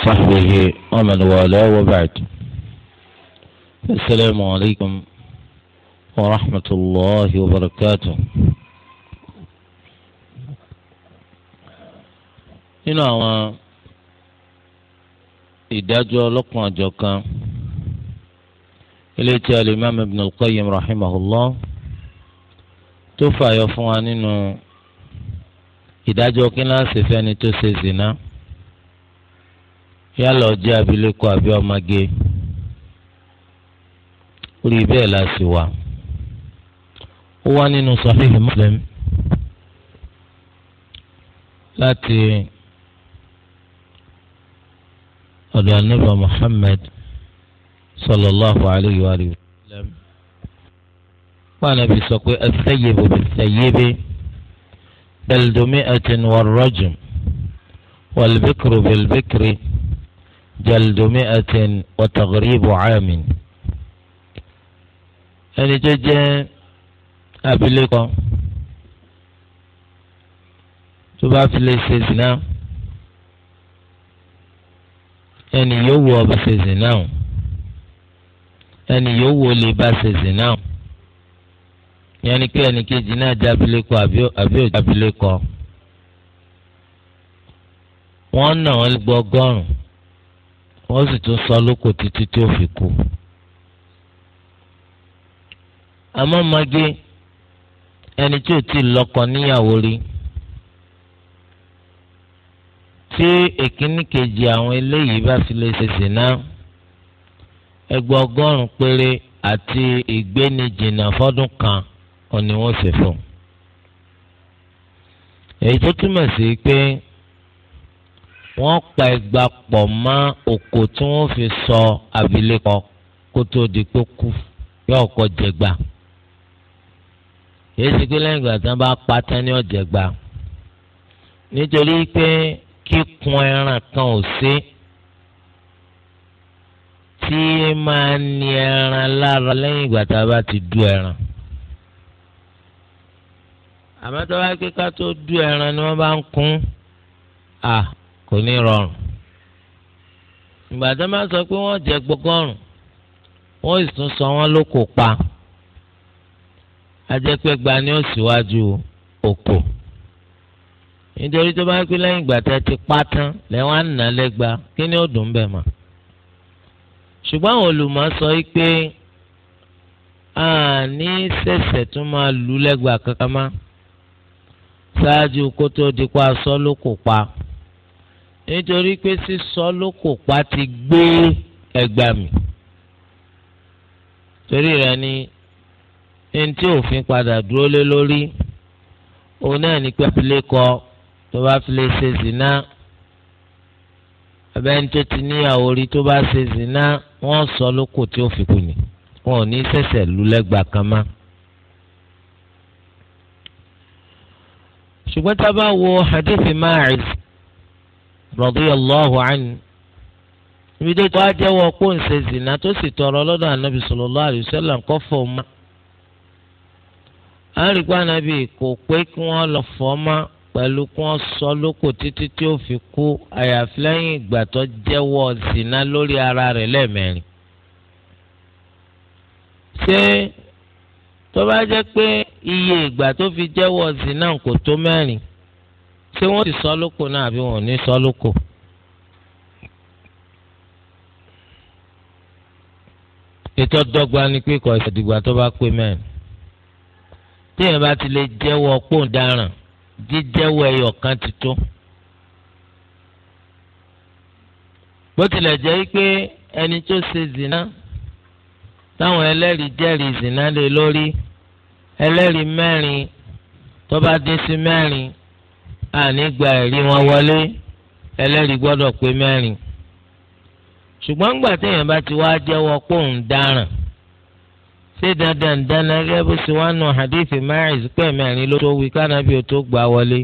وصحبه ومن والاه وبعد السلام عليكم ورحمة الله وبركاته nínú àwọn ìdájọ́ ọlọ́kan àjọkan ilé tí alimam ibn al-qayyim rahimahullah tó fààyọ fún wa nínú ìdájọ́ kí náà ṣe fẹ́ni tó ṣe zina yálà ọjọ́ abilékọ àbí ọmọge orí bẹ́ẹ̀ la sì wà ó wá nínú Sahih Muslim láti ọ̀dọ̀ anábà Muhammad sallallahu alayhi wa sallam pàànàbì sọ pé ẹsẹ̀yẹ̀bù bẹ̀sẹ̀yẹ̀bẹ̀ bẹ̀lùdùmí ẹ̀tìn wọ̀rọ̀jùm wọ̀lbẹ̀kìrì bẹ̀lbẹ̀kìrì. جلد مئة وتغريب عام ẹni tó jẹ́ abilékọ tó bá fi lè ṣe zina ẹni yóò wọ ọba ṣe zina o ẹni yóò wọ lè bá ṣe zina o yẹn ni pé ẹni kejì náà jẹ́ abilékọ àbí òjò abilékọ wọ́n nà wọ́n lé gbọ́ ọgọ́rùn-ún wọ́n sì tún sọ lóko títí tí ó fi kú. àmọ́ mage ẹni tí ò tí ì lọ́kọ níyàwó rí tí èkíní kejì àwọn eléyìí bá fi lè ṣèṣì náà ẹgbẹ́ ọgọ́rùn-ún péré àti ìgbénijìnà fọ́dún kan òní wọ́n ṣe fún èyí tó túmọ̀ sí pé wọ́n pa ẹgba pọ̀ mọ́ òkò tí wọ́n fi sọ abilékọ kó tó di pé kú yóò kọ́ jẹgba èyí sì pé lẹ́yìn ìgbà tí wọ́n bá pa tán ní ọ̀jẹ̀gba nítorí pé kíkun ẹran kan ò sí tí máa ní ẹran lára lẹ́yìn ìgbà tá a bá ti du ẹran àmọ́ tó bá ké tó du ẹran ni wọ́n bá ń kún à kò ní rọrùn ìgbà tó máa sọ pé wọ́n jẹ gbọgọ́rùn wọ́n sì tún sọ wọ́n ló kò pa ajẹ́pẹ́gba ni ó síwájú òkò nítorí tó bá pé lẹ́yìn ìgbà tẹ́ ti pa tán lẹ́wọ̀n á nà kí ni ó dùn bẹ́ẹ̀ mọ́ ṣùgbọ́n àwọn olùmọ̀ sọ pé a ní ṣẹ̀ṣẹ̀ tún máa lù lẹ́gba kankan má ṣáájú kó tó di ló kò pa nítorí pé sísọ lókòpá ti gbé ẹgbà mi torí rẹ̀ ni ní tí òfin padà dúró lé lórí òun náà ní pé abilé kọ tó bá fi lè ṣe zina abẹ́ni tó ti níyàwó rí tó bá ṣe zina wọ́n sọ lókò tí ó fi kù ní wọn ò ní ṣẹ̀ṣẹ̀ lù kan mọ́. ṣùgbọ́n tá a bá wo hadith Ma'iz radiyallahu anhu ibi tó wá jẹ́wọ́ pé ń ṣe zìnà tó sì tọrọ lọ́dọ̀ ànábì sallallahu alaihi wasallam kọ́ fọ́ ma a rí pé ànábì kò pé kí wọ́n lọ fọ́ ma pẹ̀lú kí wọ́n sọ lóko títí tí ó fi kú àyàfi lẹ́yìn ìgbà tó jẹ́wọ́ zìnà lórí ara rẹ̀ lẹ́ẹ̀mẹ́rin. ṣé tó bá jẹ́ pé iye ìgbà tó fi jẹ́wọ́ zìnà kò tó mẹ́rin ṣé wọ́n ti sọ lóko náà àbí wọn ò ní sọ lóko. ètò dọ́gba ni pé kò ìṣèdìgbà tó bá pé mẹ́rin téèyàn bá ti lè jẹ́wọ́ pòǹdaràn jíjẹ́wọ́ ẹyọ kan ti tó. bó tilẹ̀ jẹ́ pé ẹni tó ṣe zina táwọn ẹlẹ́rìí jẹ́rìí zina lé lórí ẹlẹ́rìí mẹ́rin tó bá dín sí mẹ́rin àní gba ẹ̀rí wọn wọlé ẹlẹ́rìí gbọ́dọ̀ pé mẹ́rin ṣùgbọ́n ńgbà téèyàn bá ti wá jẹ́wọ́ pé òun dáràn ṣé dandan dandan gẹ́gẹ́ bó ṣe wá nù hadith mẹ́rin pé mẹ́rin ló tó wí kánábì ó tó gbà wọlé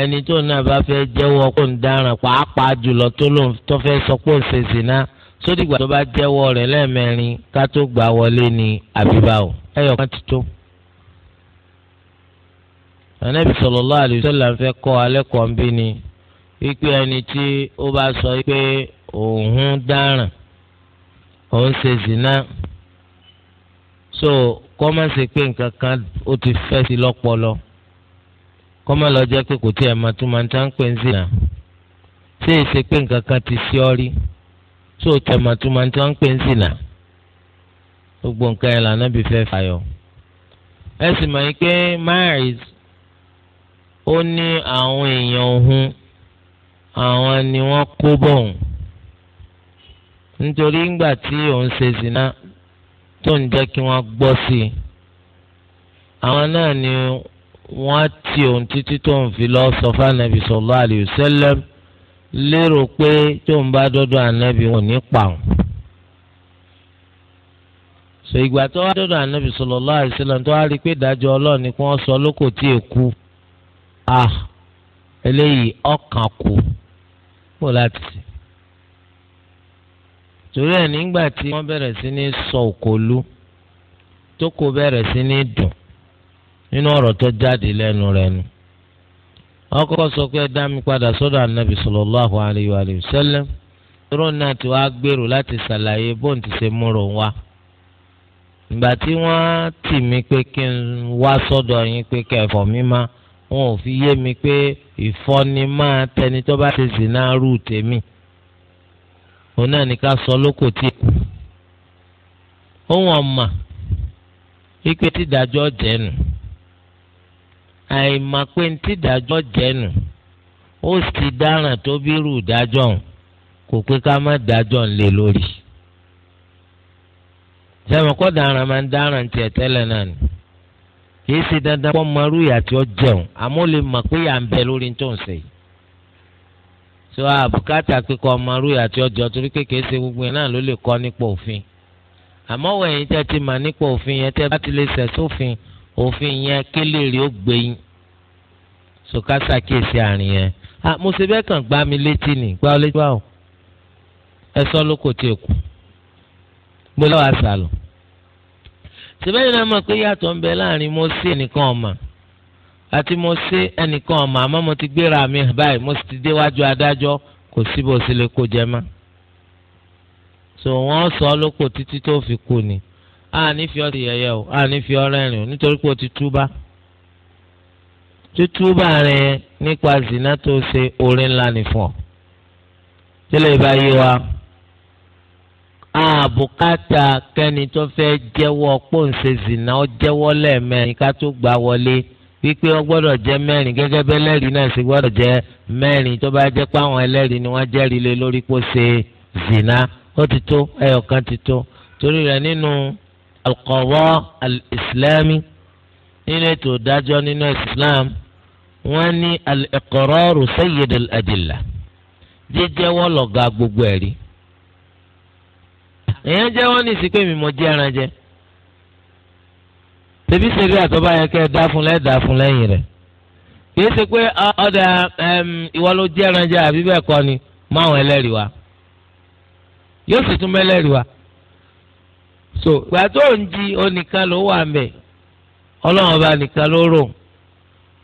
ẹni tó náà bá fẹ́ jẹ́wọ́ pé òun dáràn pàápàá jùlọ tó lòun tó fẹ́ sọ pé òun ṣe zina sódìgbà tó bá jẹ́wọ́ rẹ̀ lẹ́ẹ̀mẹ́rin ká tó gbà wọlé ni àbíbáwò ẹ̀yọ̀ kan ti tó anabi sallallahu alaihi wasallam fẹ́ kọ́ alẹ́ kọ́ ń bí ni wípé ẹni tí ó bá sọ pé òun dáràn òun ṣe zina so kọ́mọ̀ sí pé nǹkan kan ó ti fẹ́ sí lọ́pọlọ kọ́mọ̀ lọ jẹ́ pé kò tí ẹ̀ máa tún máa ń tá ń pè ń zina ṣé èsè pé nǹkan kan ti sí ọ rí tó tẹ̀ máa tún máa ń tá ń ń zina gbogbo nǹkan ẹ̀ lànà bí fẹ́ fàyọ. ẹ sì mọ̀ yín pé miles ó ní àwọn èèyàn ohun àwọn ni wọ́n kó bọ̀ òun nítorí ńgbà tí òun ṣe zina tó ń jẹ́ kí wọ́n gbọ́ sí i àwọn ni wọ́n ti òun títí tó ń fi lọ sọ fún anabi sallallahu lérò pé tó ń bá dọ́dọ̀ anabi wọn ní pa òun so ìgbà tó wá dọ́dọ̀ ànábì sallallahu alaihi tó wá rí i pé ìdájọ́ ọlọ́run kí wọ́n sọ tí èkú a eléyìí ọkàn kù kó láti sè torí ẹ̀ nígbà tí wọ́n bẹ̀rẹ̀ sí ní sọ òkòlù tó kò bẹ̀rẹ̀ sí ní dùn nínú ọ̀rọ̀ tó jáde lẹ́nu rẹ̀ nu ọkọ sọ pé ẹ dá mi padà sọ́dọ̀ anabi sallallahu alayhi wa sallam tóró náà ti wá gbèrò láti ṣàlàyé bóun ti ṣe múrò wá ìgbà tí wọ́n tì mí pé kí n wá sọ́dọ̀ yín pé kẹfọ mi wọn ò fi yé mi pé ìfọ́ni máa tẹni tó bá ti zìnà rú tèmi òun náà ní ká sọ lóko tí kù ohun ọ̀mà wípé tídàjọ́ jẹ́nu àìmọ̀ pé tídàjọ́ jẹ́nu ó sì dáràn tó bí rú dájọ́ òun kò pé ká má dájọ́ ńlẹ̀ lórí sẹ́wọ̀n kọ́ dáràn máa ń dáràn tiẹ̀ tẹ́lẹ̀ náà ni kìí ṣe dandan kó mọ irú ìyà tí ó jẹun àmọ́ lè mọ̀ pé ìyà ń bẹ lórí tó ń ṣe so àbùkátà pé kó mọ irú ìyà tí ó jẹ torí pé kìí ṣe gbogbo yẹn náà ló lè kọ́ nípa òfin àmọ́ wẹ̀yìn tẹ́ ti mà nípa òfin yẹn tẹ́ bá ti lè ṣẹ̀ sófin òfin yẹn kélé rí ó gbé so ká ṣàkíyèsí àárín yẹn ah mo ṣe bẹ́ẹ̀ kàn gbá mi létí nì gbá ọ létí báwo ẹ sọ lóko tí sìbẹ́yìn náà mọ̀ pé yàtọ̀ ń bẹ láàrin mo sí ẹnìkan ọ̀mà àti mo sí ẹnìkan ọ̀mà àmọ́ mo ti gbéra mi hàn báyìí mo sì ti déwájú adájọ́ kò sí bó sì lè kó jẹ mọ́ so wọ́n sọ lóko títí tó fi kú ni a ní fi ọtí yẹyẹ o a ní fi ọrẹ rìn o nítorí pé o ti túbá tútúbà rẹ nípa zina tó ṣe orin ńlá ni fún ọ yé wa àbùkátà kẹ́ni tó fẹ́ jẹ́wọ́ pòǹṣe zìnà ó jẹ́wọ́ lẹ́ẹ̀mẹ́rin ká tó gbà wọlé wípé ó gbọ́dọ̀ jẹ́ mẹ́rin gẹ́gẹ́ bẹ́ẹ̀ lẹ́rìí náà sì gbọ́dọ̀ jẹ́ mẹ́rin tó bá jẹ́ pé àwọn ẹlẹ́rìí ni wọ́n jẹ́rìí lé lórí pòǹṣe zìnà ó ti tó ẹyọkan ti tó torí rẹ̀ nínú alqada al-islami nínú ètò ìdájọ́ nínú islam wọ́n ní al-iqraru sayyid al-adilla jíjẹ́wọ́ lọ̀gá gbogbo ẹ̀rí èèyàn jẹ́ wọ́n ní ìsìnkú èmi mọ̀ jẹ́ ẹran jẹ tẹbi sẹ́rí àtọ́bá yẹn kẹ́ ẹ dá fún lẹ́ẹ̀ dá fún lẹ́yìn rẹ̀ kìí ṣe pé ọ̀dà ìwọ ló jẹ́ ẹran jẹ àbí bẹ́ẹ̀ kọ́ ni mọ àwọn ẹlẹ́rìí wa yóò sì tún mẹ́lẹ́rìí wa so ìgbà tó ń jí onìkan ló wà mẹ́ ọlọ́run ọba nìkan ló rò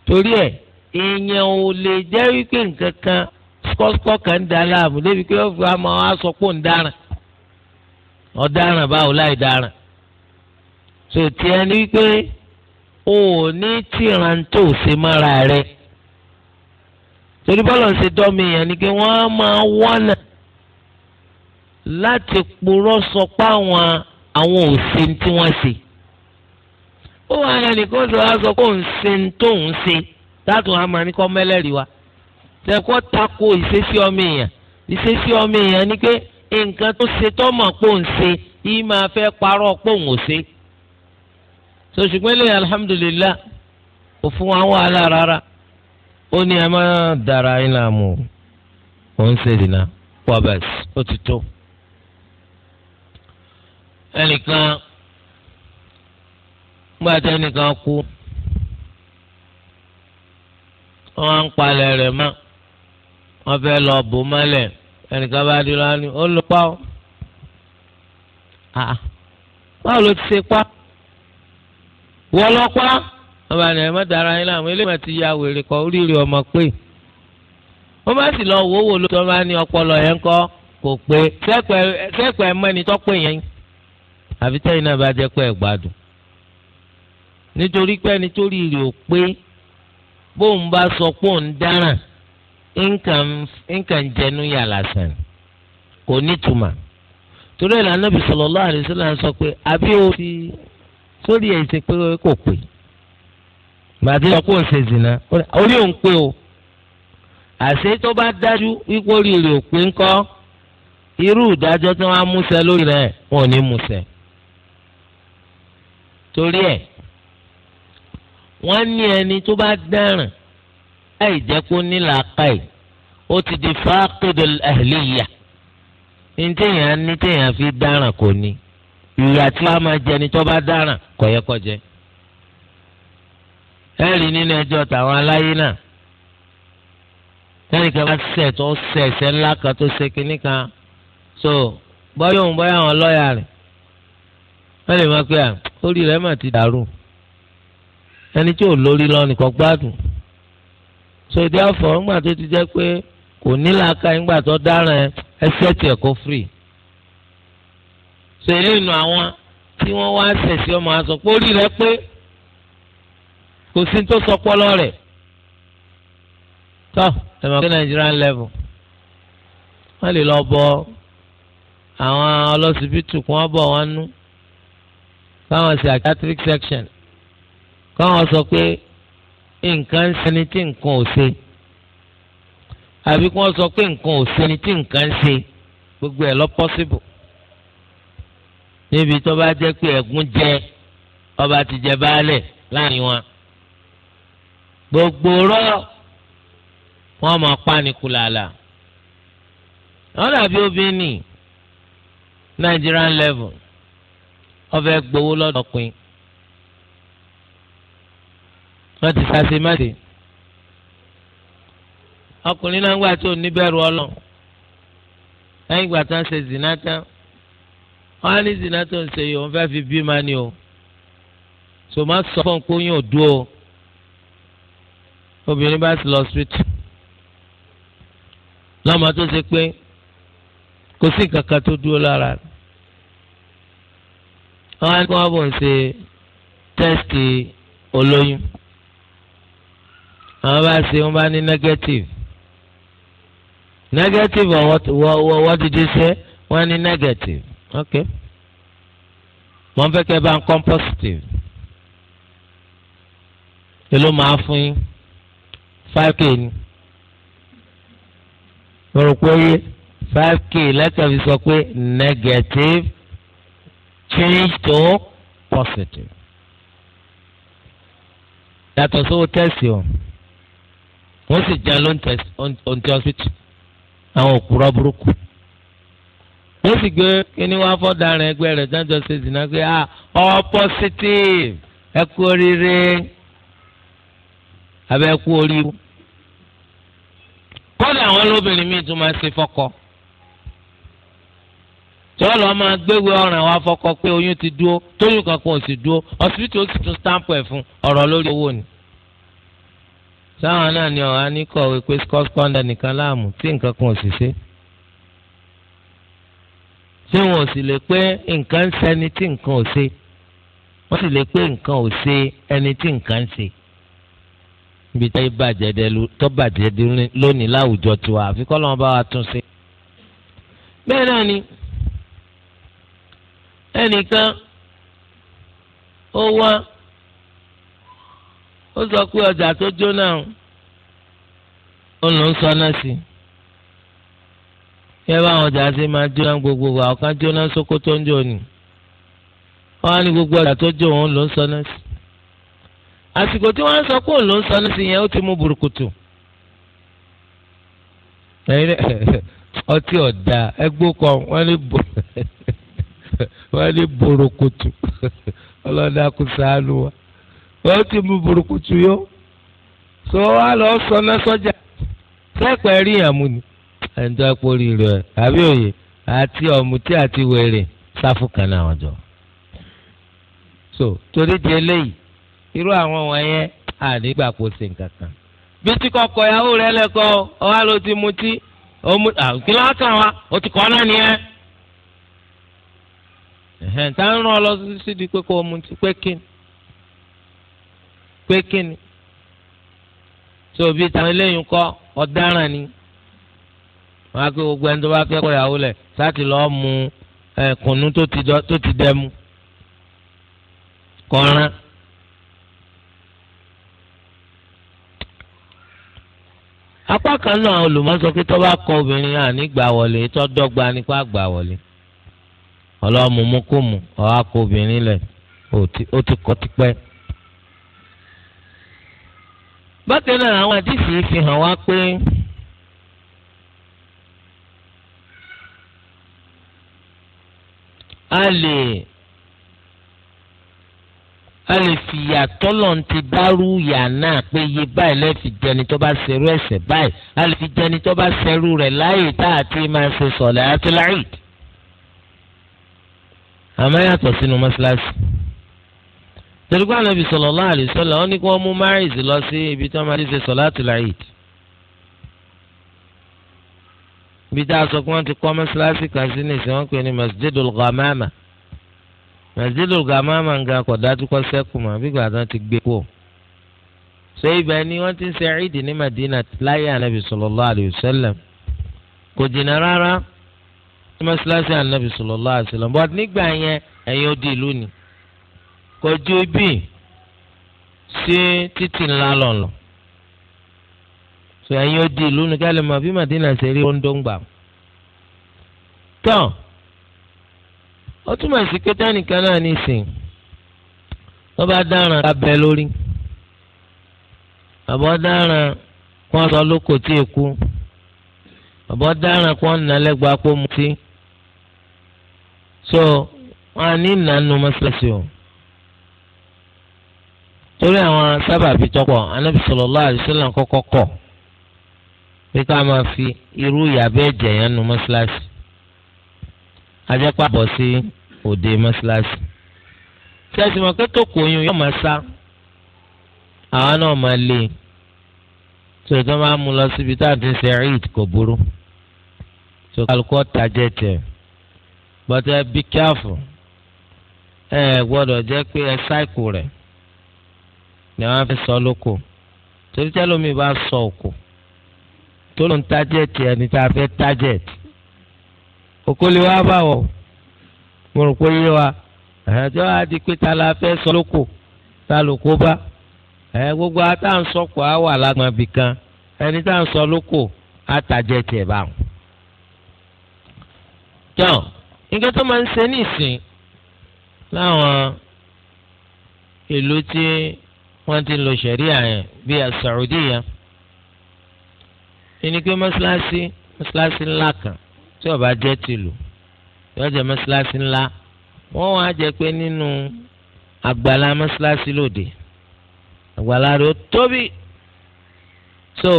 torí ẹ̀ èèyàn ò lè jẹ́ wípé nǹkan kan kọ́kọ́ kan ń da láàmú débi pé ó fi àmọ́ aṣọ pò ń dáràn ọ̀daràn báwo láì daràn so tiẹ̀ ni pé o ò ní tìran tó ṣe mọ́ra rẹ torí bọ́lá ń ṣe dọ́mi yẹn ni pé wọ́n á máa wọ́nà láti purọ́ sọ pé àwọn àwọn ò ṣe tí wọ́n ṣe ó wà yẹn nìkan sọ wá sọ pé òun ṣe tó ń ṣe látùn àmọ́ ní kọ́ mẹ́lẹ́rìí wa tẹ̀kọ́ tako ìṣesí ọmọ èèyàn ìṣesí ọmọ èèyàn ni pé nǹkan tó ṣe tó mọ̀ pò ń ṣe yìí máa fẹ́ parọ́ pò ń ṣe. so ṣùgbọ́n lè alhamdulillah kò fún wa wàhálà rárá ó ní ẹ máa dára yín láàmú ò ń ṣe dìnnà wabas ó ti tó. ẹnìkan gbà tẹ́ ẹnìkan kú wọ́n á ń palẹ̀ rẹ̀ mọ́ wọ́n fẹ́ lọ bò mọ́lẹ̀. ẹnìkan bá di lọ́wọ́ ni ó lọ pa ah, báwo ló ti ṣe pa wọ lọ pa wọ́n bá ní ẹ̀ má dára yín láwọn eléyìí ti ya wèrè ọmọ pé wọ́n bá sì lọ wò wò ló tó bá ní ọpọlọ yẹn kọ́ kò pé sẹ́pẹ̀ ẹ̀ mọ́ yẹn àfi náà bá nǹkan jẹnu yà lásán kò tuma. torí ẹ̀ lànà bisalòlá àdìsílà sọ pé àbí o fi sórí ẹ̀ ṣe pé kò pè màdé sọ pé ò ṣe zìnà orí òun pé o àṣé tó bá dájú wípé orí rẹ̀ ò pé ńkọ́ irú ìdájọ́ tí wọ́n á múṣẹ lórí rẹ̀ wọn ò ní múṣẹ torí ẹ̀ wọ́n ní ẹni tó bá dáràn láì jẹ́ kó nílà káì ó ti di faqidul ahliyya ní téèyàn ní téèyàn fi dáràn kò ní ìyà tí wàá máa jẹ ni tó bá dáràn kò yẹ kó jẹ. ẹ rí nínú ẹjọ́ tàwọn aláyé náà tẹ́nìkan bá ṣẹ̀ tó ṣẹ̀ ẹ̀ṣẹ̀ ńlá kan tó ṣe kínní kan so bọ́yá òun bọ́yá àwọn lọ́ọ̀yà rẹ̀ wọ́n lè máa pe à orí rẹ̀ mà ti dàrú ẹni tí ò lórí lọ́nìkan gbádùn so therefore ńgbà tó ti jẹ́ pé kò ní làákà ńgbà tó dáràn ẹsẹ̀ tiẹ̀ kó free so eléyìí nu àwọn tí wọ́n wá ṣẹ̀ṣì ọmọ àṣọ pé orí rẹ pé kò sí tó sọ pọ́lọ́ rẹ̀ tọ́ ẹ mọ̀ pé Nigerian level wọ́n lè lọ bọ àwọn ọlọ́sibítù kí wọ́n bọ̀ wọ́n nú káwọn ṣe psychiatric section káwọn sọ pé nǹkan ń sẹni tí nǹkan ò ṣe àbí kí wọ́n sọ pé nǹkan ò sẹni tí nǹkan ń ṣe gbogbo ẹ̀ lọ pọ́síbù níbi tó bá jẹ́ pé ẹ̀gún jẹ ọba ti jẹ baálẹ̀ láàrin wọn gbogbo rọ wọn máa pánikù làlà wọn dàbí obìnrin Nigerian level ọbẹ̀ gbowó lọ́dọ̀ pin wọ́n ti sase máde ọkùnrin náà ń gbà tó níbẹ̀rù ọlọ́ lẹ́yìn ìgbà tó ń ṣe zina tán wọ́n á ní zina tó ń ṣe yìí òun fẹ́ fi bí ma ni o so má sọ fún un pé yín ò dúró obìnrin bá ti lọ street lọ́mọ tó ṣe pé kò sí nǹkan tó dúró lára wọ́n á ní kí wọ́n bọ̀ ń ṣe tẹ́sítì olóyún àwọn bá ṣe wọn bá ní negative negative or what, what, what did you say wọ́n ní negative okay mo ń fẹ́ kẹ́ bá ń kọ́ positive èló máa fún yín five k ni mo rò pé five k lẹ́kẹ̀ẹ́ fi sọ pé negative change to positive yàtọ̀ sówó tẹ̀sí o. So wọ́n sì jẹun lóńtì hospital àwọn òkúrọ̀ burúkú wọ́n sì gbé kíní wá fọ́daràn ẹgbẹ́ rẹ̀ jájọ́ ṣe dìnnà pé ah all positive ẹ kú oríire abẹ́ ẹ kú oríire kọ́dà àwọn lóbìnrin míì tún máa ṣe fọ́kọ tọ́lọ́ máa gbéwé ọ̀ràn wa fọ́kọ pé oyún ti dúó tóyún kankan ò sì dúó ọ̀sibítù ó sì tún stamp ẹ̀ fún ọ̀rọ̀ lórí owó ni sáwọn náà ni ọ̀hán ní kọ̀wé pé skọ́skọ́ndà nìkan láàmú tí nǹkan kan ò sì ṣe. ṣé wọn ò sì lè pé nǹkan ń ṣe ẹni tí nǹkan ò ṣe wọ́n sì lè pé nǹkan ò ṣe ẹni tí nǹkan ń ṣe. ibi tó tó bàjẹ́ lónìí láwùjọ tó wà àfi kọ́lọ́n bá wa tún ṣe. bẹ́ẹ̀ náà ni ẹnìkan ó wá ó sọ pé ọjà tó jóná ó ló ń sọnà sí yẹ báwọn ọjà ṣe máa jóná gbogbo àwọn kan jóná Sókótó ń jò ní wọn á ní gbogbo ọjà tó jó òun ló ń sọnà sí àsìkò tí wọ́n sọ pé òun ló ń sọnà sí yẹn ó ti mú burúkutu ọtí ọ̀dà ẹgbó kan wọ́n ní burúkutu ọlọ́dà kò sáánú wa ó ti mú burúkú tu yó so wá lọ sọná sọjà sẹpẹ rí yàn mú ni ẹnjọ àpòrí rẹ àbí òye àti ọ̀mùtí àti wèrè sáfù náà wọn jọ so torí di eléyìí irú àwọn wọ̀nyẹn àdìgbà kò sí nǹkan kan bí tí kọkọ ìyàwó rẹ lẹkọ ọwá ló ti mutí kí ló kàn wá o ti kọ́ náà nìyẹn ẹ̀hẹ̀n tá ń rán ọ lọ sí di pé kó o mutí pé kí ni. pé kíni tóbi táwọn eléyìí kọ́ ọ̀daràn ni wọn á pé gbogbo ẹni tó bá fẹ́ kọ́ ìyàwó lẹ̀ sáàtì lọ́ọ́ mu kùnú tó ti dẹ́ mu kọ́ran. apá kan náà olùmọ̀sọ pé tó bá kọ obìnrin àní gbà wọlé tó dọ́gba nípa gbà wọlé ọlọ́mùmú kò mú ọ̀ á kọ obìnrin lẹ, ó ti kọ́ tipẹ́. bákan náà àwọn àdìsí fi hàn wá pé a lè a lè fi ìyà tọ́lọ̀ ti dárú ìyà náà pé iye báyìí lè fi jẹni tó bá ṣerú ẹ̀ṣẹ̀ báyìí a lè fi jẹni tó bá ṣerú rẹ̀ láàyè tá a ti máa ṣe sọ̀lẹ̀ àti láàyè àmọ́ yàtọ̀ sínú mọ́ṣáláṣí torí pé ànábì sallallahu alaihi wasallam ó ní kí wọ́n mú Maris lọ sí ibi tí wọ́n máa ti ṣe sọ̀láàtì láàyè. ibi tá a sọ pé wọ́n ti kọ́ mọ́ṣáláṣí kan sí ní ìsìn wọ́n pè ní Masjidul Ghamama Masjidul Ghamama ń ga kọ̀ dájú kọ́ sẹ́kù mọ́ bí gbàdán ti gbé kó. sọ ibà ni wọ́n ti ń ṣe ìdì ní Madina láyé ànábì sallallahu alaihi wasallam kò jìnnà rárá mọ́ṣáláṣí ànábì sallallahu alaihi wasallam bọ́t nígbà yẹn ẹ̀yin ó di ìlú ni. kọjú ibi sí títì ńlá lọ́nà So ẹ̀yin ó di ìlú ní kálí bí Madina ṣe rí rondo ń gbà. tán ó túmọ̀ sí pé tánìkan náà ní ìsìn wọ́n bá dáràn abẹ lórí àbọ̀ kó sọ lóko tí ì kú àbọ̀ dáràn kó nàlẹ́gbàá kó so wọn à ní o. torí àwọn sábàbí tọpọ anábì sallallahu alaihi wasallam kọkọ kọ pé ká máa fi irú ìyàbẹ ẹjẹ yẹn nu mọ́ṣáláṣí ajẹpá bọ sí òde mọ́ṣáláṣí sẹsìmọ kẹtọkọ oyún yóò máa sá àwọn náà máa lé tó tó máa mú lọ síbi tá à ń ti ṣe eid kò burú tó kálukọ tajẹ tẹ bọtẹ bí káfù ẹ pé ẹ sáìkù ni wọ́n fi sọ lóko torí tẹ́lómi bá sọ òkò tó ló ń tájẹ̀tì ẹni tá a fẹ́ tájẹ̀tì òkò bá wọ̀ mo rò pé yé wa àjọ àti pé ta la fẹ́ sọ lóko ta lóko bá gbogbo àtàǹsọ̀kọ̀ á wà lágbọ̀n bìkan ẹni tá à ń sọ lóko àtàjẹ tiẹ̀ bá wọn. nǹkan tó máa ń ṣe nísìn láwọn ìlú tí wọ́n ti ń lo sẹ̀ríà yẹn bí i Saudi yẹn. ẹni pé mọ́ṣáláṣí mọ́ṣáláṣí ńlá kan tí ó jẹ́ tìlú tí ó jẹ́ mọ́ṣáláṣí ńlá wọ́n wá jẹ́ pé nínú àgbàlá mọ́ṣáláṣí lòdì àgbàlá rẹ̀ ó tóbi. so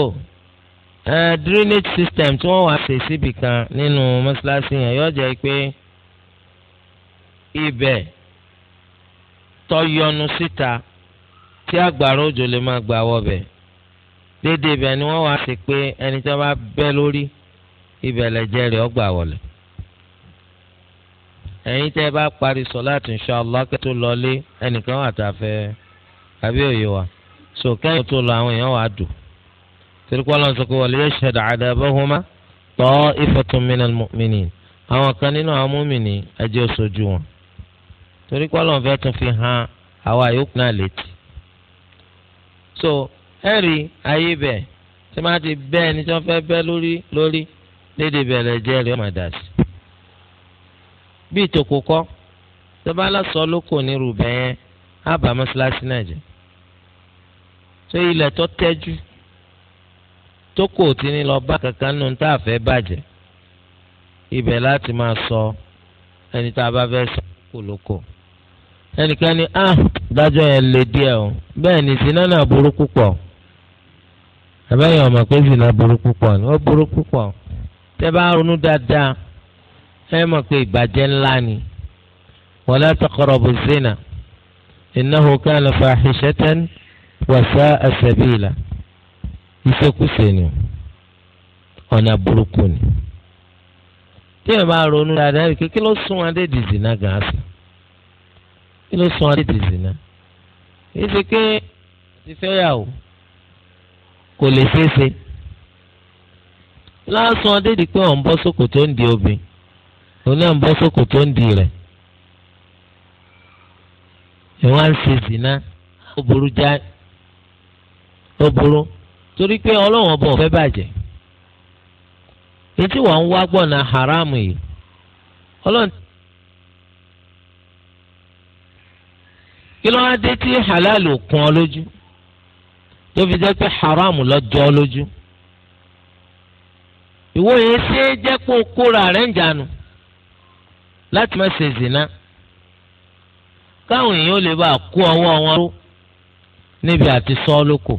uh, drainage system tí wọ́n wá ṣe síbì kan nínú mọ́ṣáláṣí yẹn yóò jẹ́ pé ibẹ̀ tọ́yọnu síta. Si kí agbára òjò lè máa gbà wọbẹ̀ dédé ibẹ̀ ni wọ́n wá sí pé ẹni tí wọ́n bá bẹ́ lórí ibẹ̀ lẹ́jẹ̀ rẹ̀ ọgbà wọlé ẹ̀yin tẹ́ ẹ bá parí sọ̀láàtì inṣàlá kẹ́ tó lọlé ẹnìkan wà tá a fẹ́ àbí wa so kẹ́yìn tó lọ àwọn èèyàn wà á dùn torí pé ọlọ́run sọ pé wọlé yẹ ṣẹ̀dá àdàbọ̀húnmá tọ́ ìfọ̀tún mìíràn mìíní àwọn kan nínú àwọn múmìnì ẹjẹ́ òṣojú wọn torí pé fẹ́ tún fi hàn àwa yòókù náà létí so ẹ̀rí ayé bẹ̀ tí wọ́n ti bẹ́ ẹni tí wọ́n fẹ́ bẹ́ lórí lórí léde bẹ̀rẹ̀ jẹ́ rẹ̀ ọmọ dà sí. bí ìtòkò kọ́ tó bá lọ́sọ̀ lóko ní rúbẹ̀ yẹn á bá náà jẹ́. so ilẹ̀ tó tẹ́jú tó kò tí ní lọ bá kankan nù tá a fẹ́ bàjẹ́ ibẹ̀ láti máa sọ ẹni tá a bá fẹ́ sọ kò lóko. So, ẹnìkan ni ah ìdájọ́ yẹn lè díẹ̀ o bẹ́ẹ̀ ni zina náà burú púpọ̀ àbẹ́yẹn ọmọ pé zina burú púpọ̀ ni ó burú púpọ̀ tẹ́ bá ronú dáadáa ẹ mọ̀ pé ìbàjẹ́ ńlá ni wala taqrabu zina innahu kana fahishatan wa sa'a sabila ìṣekúṣe ni ọ̀nà burúkú ni tí ẹ bá ronú dáadáa kí ló sún adé di zina gàásùn kí ló sọ adé dìzì náà èyí ṣe o kò lè ṣeéṣe lásán adédì pé òun bọ́ sóko tó ń di obìn òun náà ń bọ́ sóko tó ń di rẹ̀ ìwọ́n ṣe torí pé fẹ́ bàjẹ́ wọ́n ń wá haramu yìí kí ló wá dé tí halal ò kún ọ lójú tó fi jẹ́ pé haram lọ jọ ọ lójú ìwọ yẹn ṣe jẹ́ pé o kóra rẹ̀ ń jánu láti má ṣe zina káwọn èèyàn lè bá kó ọwọ́ wọn ró níbi àti sọ lóko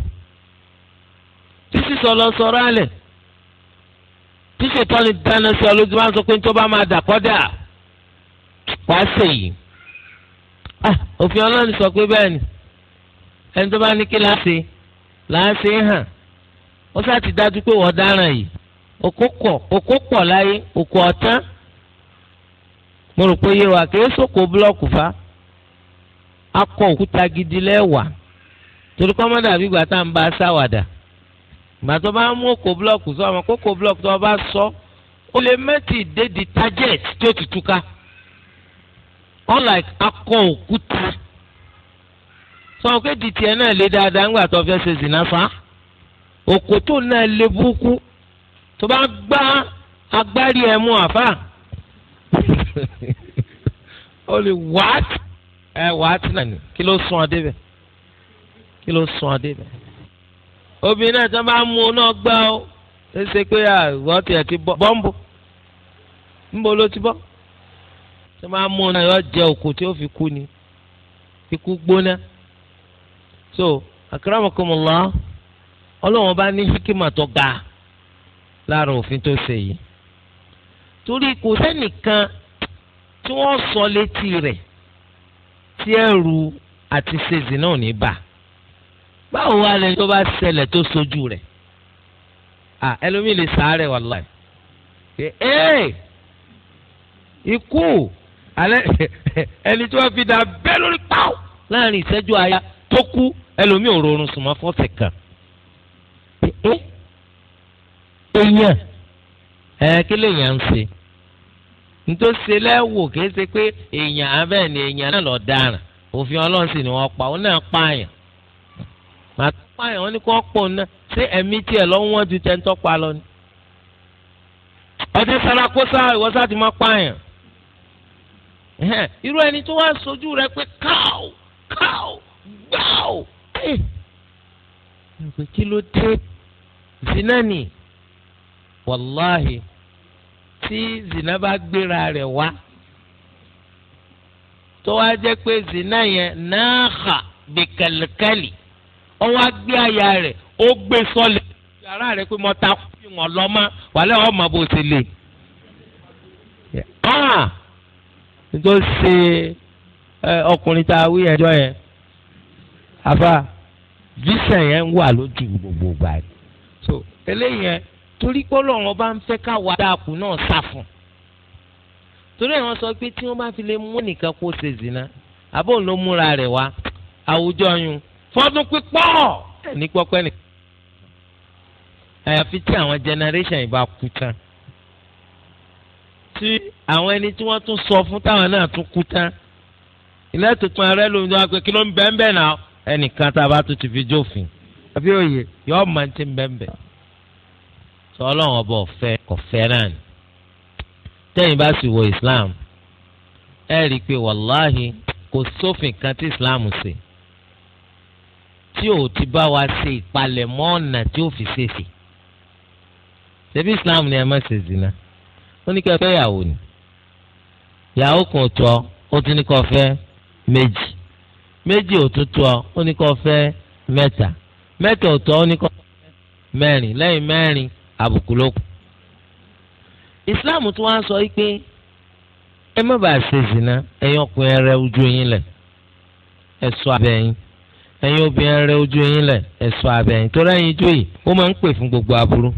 tí sísọ lọ sọ̀rọ̀ alẹ̀ tí ṣètọ́ dáná sí ọ lójú máa sọ pé tó bá máa dà kọ́ dà wá ṣèyí. Ah, òfin ọlọ́run sọ pé bẹ́ẹ̀ ni ẹni tó bá ní kí láṣẹ láṣẹ hàn ó sá ti dájú pé wọ́n dáràn yìí òkú pọ̀ láyé òkú ọ̀tán mo rò pé yé wa kì í sòkò búlọ́ọ̀kù fa akọ òkúta gidi lẹ́wàá torí kọ́mọ́dà bí ìgbà tá à ń bá a ṣàwàdà ìgbà tó bá ń mú òkò búlọ́ọ̀kù sọ àwọn kókò búlọ́ọ̀kù tó bá sọ ó lè mẹ́tì dédi target tí ó ti unlike akọ òkúta sọ pé di tiẹ̀ náà lé dáadáa ńgbà tó fẹ́ ṣe zìnnà fa òkòtò náà lé búkú tó bá gbá agbárí ẹ̀ mú àfà ó lè wàát ẹ wàát náà ni kí ló sún adé bẹ kí ló sún adé bẹ obìnrin náà tó bá mú un náà gbá ó ṣe pé àwọn tiẹ̀ ti bọ́ǹbù ńbo ló ti bọ́ tó máa mú un náà yọ jẹ òkú tí ó fi kú ni ikú gbóná so akramakumullah ọlọ́run bá ní hikima tó ga lára òfin tó ṣe yìí torí kò sẹ́nìkan tí wọ́n sọ létí rẹ̀ tí ẹ̀rù àti ṣèṣì náà ní bà báwo wá lẹni tó bá ṣẹlẹ̀ tó sojú rẹ̀ à ẹlòmíì lè sàárẹ̀ wàláì ẹ ẹ ikú. Eni ẹni tí wọ́n fi dà bẹ́ẹ̀ lórí pàó láàrin ìṣẹ́jú aya tó kú ẹlòmíì ò rọrùn sùn mọ́ fọ́ọ̀sì kan. èèyàn kí lèèyàn ń ṣe nítòsí lẹ́wọ̀ kìí ṣe pé èèyàn abẹ́ẹ̀ ni èèyàn náà lọ dáràn òfin ọlọ́sìn sì ni wọ́n pa òun náà pààyàn màá pààyàn wọn ni kò pọ̀ náà ṣé ẹ̀mí tiẹ̀ lọ́wọ́ wọn ju tẹ́ńtọ́ pa lọ ni. ọtí sara kó sáà ìwọ ti máa pààyàn irú ẹni tó wá sojú rẹ pé káò káò gbáò pé kí ló dé zinani ni tí zina bá gbéra rẹ̀ wá tó wá jẹ́ pé zina yẹn náà hà bìkàlìkàlì ó wá gbé àyà rẹ̀ ó gbé sọ́lẹ̀ yàrá rẹ̀ pé mo ta fún ìwọ̀n lọ́mọ wàlẹ́ ọmọ bó ti lè. tó ṣe ọkùnrin tá a wí ẹjọ́ yẹn àfa visa yẹn wà lójú gbogbo gbà ní. so eléyìí yẹn torí pé ọlọ́run ọba ń fẹ́ káwa dáàkú náà sá fún torí ẹ̀ sọ pé tí wọ́n bá fi lè mú nìkan kó ṣe zina àbò ló múra rẹ̀ wá àwùjọ yun fọdún pípọ̀ ní pọ́pẹ́ nìkan àyàfi tí àwọn generation yìí bá kú tán tí àwọn ẹni tí wọ́n tún sọ fún táwọn náà tún kú tán ilé tó pọn ẹrẹ lómi tó wá pé kí ló ń bẹ́ẹ̀ bẹ́ẹ̀ náà ẹnìkan tá a bá tún ti fi jófin àbí òye yọ ọ́ máa ti ń bẹ́ẹ̀ bẹ́ẹ̀ sọ ọlọ́run ọba ọ̀fẹ́ kọ̀fẹ́ náà ni tẹ́yìn bá sì wo Islam ẹ rí i pé wàláhì kò sófin kan tí Islam ṣe tí ò ti bá wa ṣe ìpalẹ̀mọ́ ọ̀nà tí ò fi ṣèṣe ṣebí Islam ni ẹ má ṣe zina. ó ní kẹ́ yàwó ni yàwó kan tọ, ó tún ní kọ́ fẹ́ méjì méjì ò tún tọ́ ó ní kọ́ fẹ́ mẹ́ta ò tọ́ ó ní kọ́ mẹ́rin àbùkù ló kù. sọ pé ẹ má bàa ṣe zina ẹ̀yin ọkùnrin rẹ ojú yín lẹ̀ ẹ ṣọ́ abẹ́ yín ẹ̀yin obìnrin rẹ ojú yín lẹ̀ ẹ ṣọ́ yín gbogbo aburú.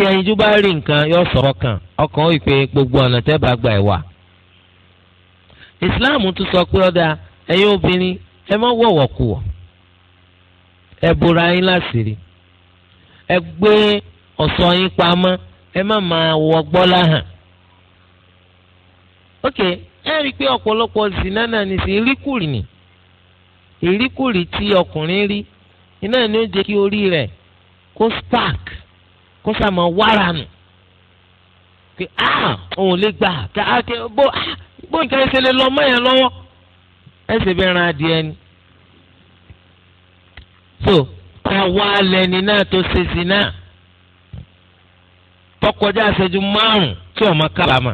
tí ẹyinjú bá rí nǹkan sọ̀rọ̀ kan ọkàn ó ìpè gbogbo ọ̀nà tẹ́ bá gbà ẹ̀ ìsìláàmù tún sọ pé ọ̀dà ẹ̀yin obìnrin ẹ má wọ̀wọ̀ kù wọ̀ ẹ bora yín láṣìírí ẹ gbé ọ̀ṣọ́ yín pamọ́ ẹ má máa wọ gbọ́lá hàn. ok ẹ rí i pé ọ̀pọ̀lọpọ̀ zina náà ní sí ìríkùrì ni ìríkùrì tí ọkùnrin rí iná kó sàmọ wára nù pé ah òun lè gbà ká ah, ké bó ah bó nǹkan ẹsẹ lè lọ mọ yẹn lọ́wọ́ ẹsẹ bí ran adìẹ ni. so táwa lẹni náà tó ṣe sí náà tọkọjá àṣẹjú márùn tí ọmọ kábàámà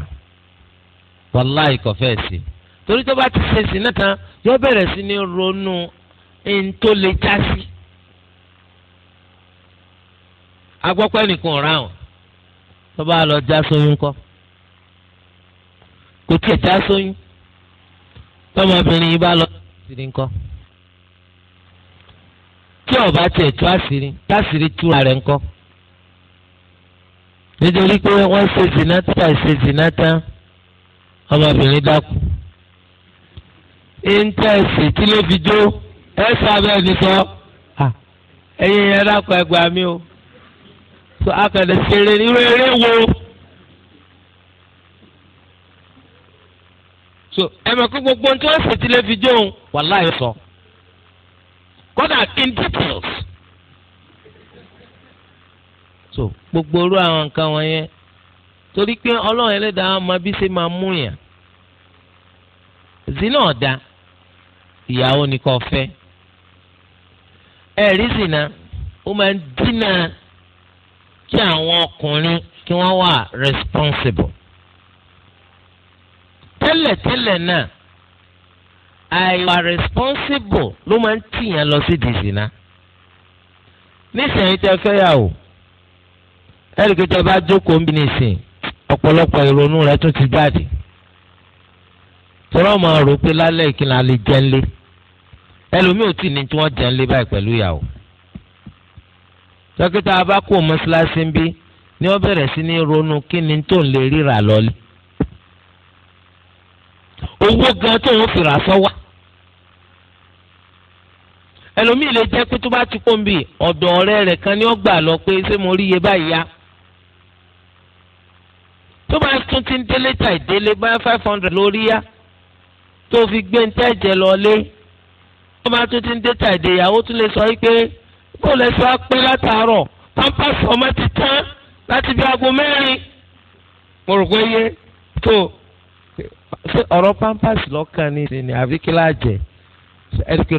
wàláì kò fẹ́ sí torí tó bá ti ṣe sí náà tán yóò bẹ̀rẹ̀ sí ní ronú ẹni tó lè já sí. agbọ́pẹ́ nìkan ra wọn tó bá lọ já sóyún kọ́ kò tí ì já sóyún tọmọbìnrin yìí bá lọ sírí ńkọ́ tí ọba tiẹ̀ tú àṣírí táṣírí túra rẹ̀ ńkọ́ nítorí pé wọ́n ṣe zìnnà tán ṣe zìnnà tán ọmọbìnrin dákú íńtẹ́ẹ̀sì tí ló fi jó ẹ sábẹ́ ẹni sọ ẹ̀yin ẹ̀dá kọ ẹgbàá mi o so akàdé ṣeré irú eré wo so ẹ mọ̀ pé gbogbo ohun tí wọ́n ṣètì lè fi jóun wàláhì sọ kódà in details so gbogbo orú àwọn nǹkan wọ̀nyẹn torí pé ọlọ́run ẹlẹ́dàá máa bí ṣe máa mú yàn zina ọ̀dà ìyàwó ni kò fẹ́ ẹ̀rí zina ó máa ń dínà kí àwọn ọkùnrin kí wọ́n wà responsible. tẹ́lẹ̀tẹ́lẹ̀ náà àìwà responsible ló máa ń tìyàn lọ sí dìsínà. nísìnyí tẹ fẹ́ yà o ẹ̀ríkì tẹ bá jókòó bí nìsín ọ̀pọ̀lọpọ̀ ìrònú rẹ tún ti jáde. tọ́lọ́ máa rò pé lálẹ́ ìkíni alẹ́ jẹ́ ẹlòmíì ò tí ì ní tí wọ́n jẹ́ báyìí pẹ̀lú ìyàwó dókítà abákò mọ́ṣáláṣí ń bí ni wọ́n bẹ̀rẹ̀ sí ní ronú kí ni tó ń lè ríra lọ́lẹ̀ owó gan tó ń fìrà sọ́wọ́ ẹlòmíì lè jẹ́ pé tó bá ti pọ́n ọ̀dọ̀ ọ̀rẹ́ rẹ̀ kan ni ó gbà lọ pé ṣé mo rí iye báyìí ya tó bá tún ti ń délé ta ìdélé báyà five hundred lórí ya tó fi gbé ń tẹ́jẹ̀ lọ lé tó bá tún ti ń dé ta ìdè tún lè sọ yìí bó lè sọ pé látàárọ̀ pampers ọmọ ti tán láti bí aago mẹ́rin mo rò pé yé tó ṣé ọ̀rọ̀ pampers lọ́kàn ní ìsìn ní àbí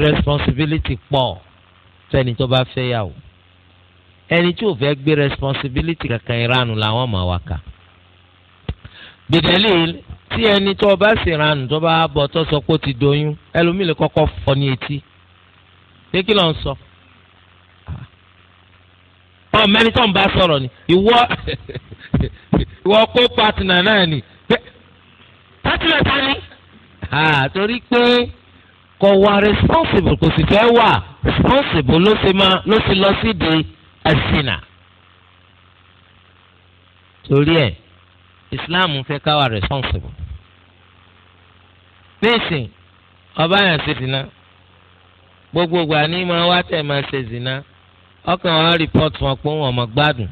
responsibility pọ̀ fẹ́ni tó bá fẹ́ yà wò ẹni tí ò fẹ́ gbé responsibility kankan ìranù làwọn máa wà kà gbèdéli tí ẹni tó bá sì ranù tó bá bọ̀ tó sọ pé ó ti doyún ẹlòmíì lè kọ́kọ́ fọ́ ní etí pé kí ló ń sọ. So ọmọ ẹni tó ń bá sọ̀rọ̀ ni ìwọ ìwọ kó pàtìnà náà ni pàtìnà ta ni. torí pé kò wá responsible kò sì fẹ́ wà responsible ló sì máa ló sì lọ sí di ẹ̀sìnà. torí ẹ̀ Islam fẹ́ ká wà responsible. nísìn ọba yẹn ṣe dìnnà gbogbogbò àní máa wá tẹ̀ máa ṣe dìnnà ọkàn wọn rìpọ́t wọn pé wọn mọ̀ gbádùn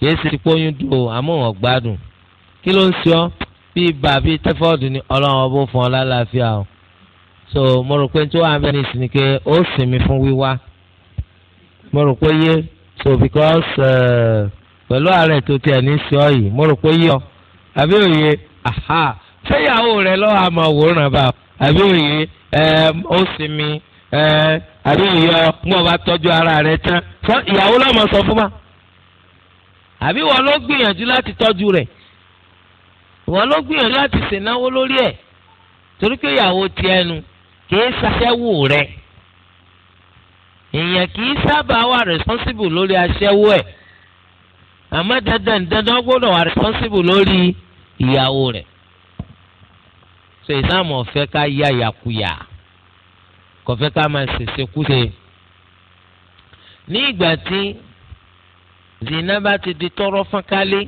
kìí ṣe ti pọ́yún dùn o àmọ́ wọn gbádùn kí ló ń ṣe ọ́ bíi ibà bíi tẹ́fọ́ọ̀dù ni ọlọ́run ọbọ̀ fún ọ lálàáfíà o so mo rò pé tí wàá bẹ́ẹ̀ ní ìsìn ke ó sinmi fún wíwá mo rò pé yé so because uh, pẹ̀lú ààrẹ tó tiẹ̀ ní sí ọ yìí mo rò pé yé ọ àbí òye aha ṣé ìyàwó rẹ lọ́wọ́ àmọ̀ wòran bá àbí òye ó sinmi ẹ àbí ìyọ mo bá tọ́jú ara rẹ tán fún ìyàwó lọ́mọ sọ fún wa àbí wọn ló gbìyànjú láti tọ́jú rẹ̀ wọn ló gbìyànjú láti ṣènáwó lórí ẹ̀ torí pé ìyàwó ti ẹnu kìí ṣaṣẹ́wó rẹ̀ èèyàn kìí sábà wà responsible lórí aṣẹ́wó ẹ̀ àmọ́ dandan dandan gbọ́dọ̀ wà responsible lórí ìyàwó rẹ̀ so ìsáàmù ọ̀fẹ́ ká yá yàkuyà. Ya kò fẹ́ ká máa ṣèṣe kúṣe. ní ìgbà tí zina bá ti di tọrọ fọ́nkálé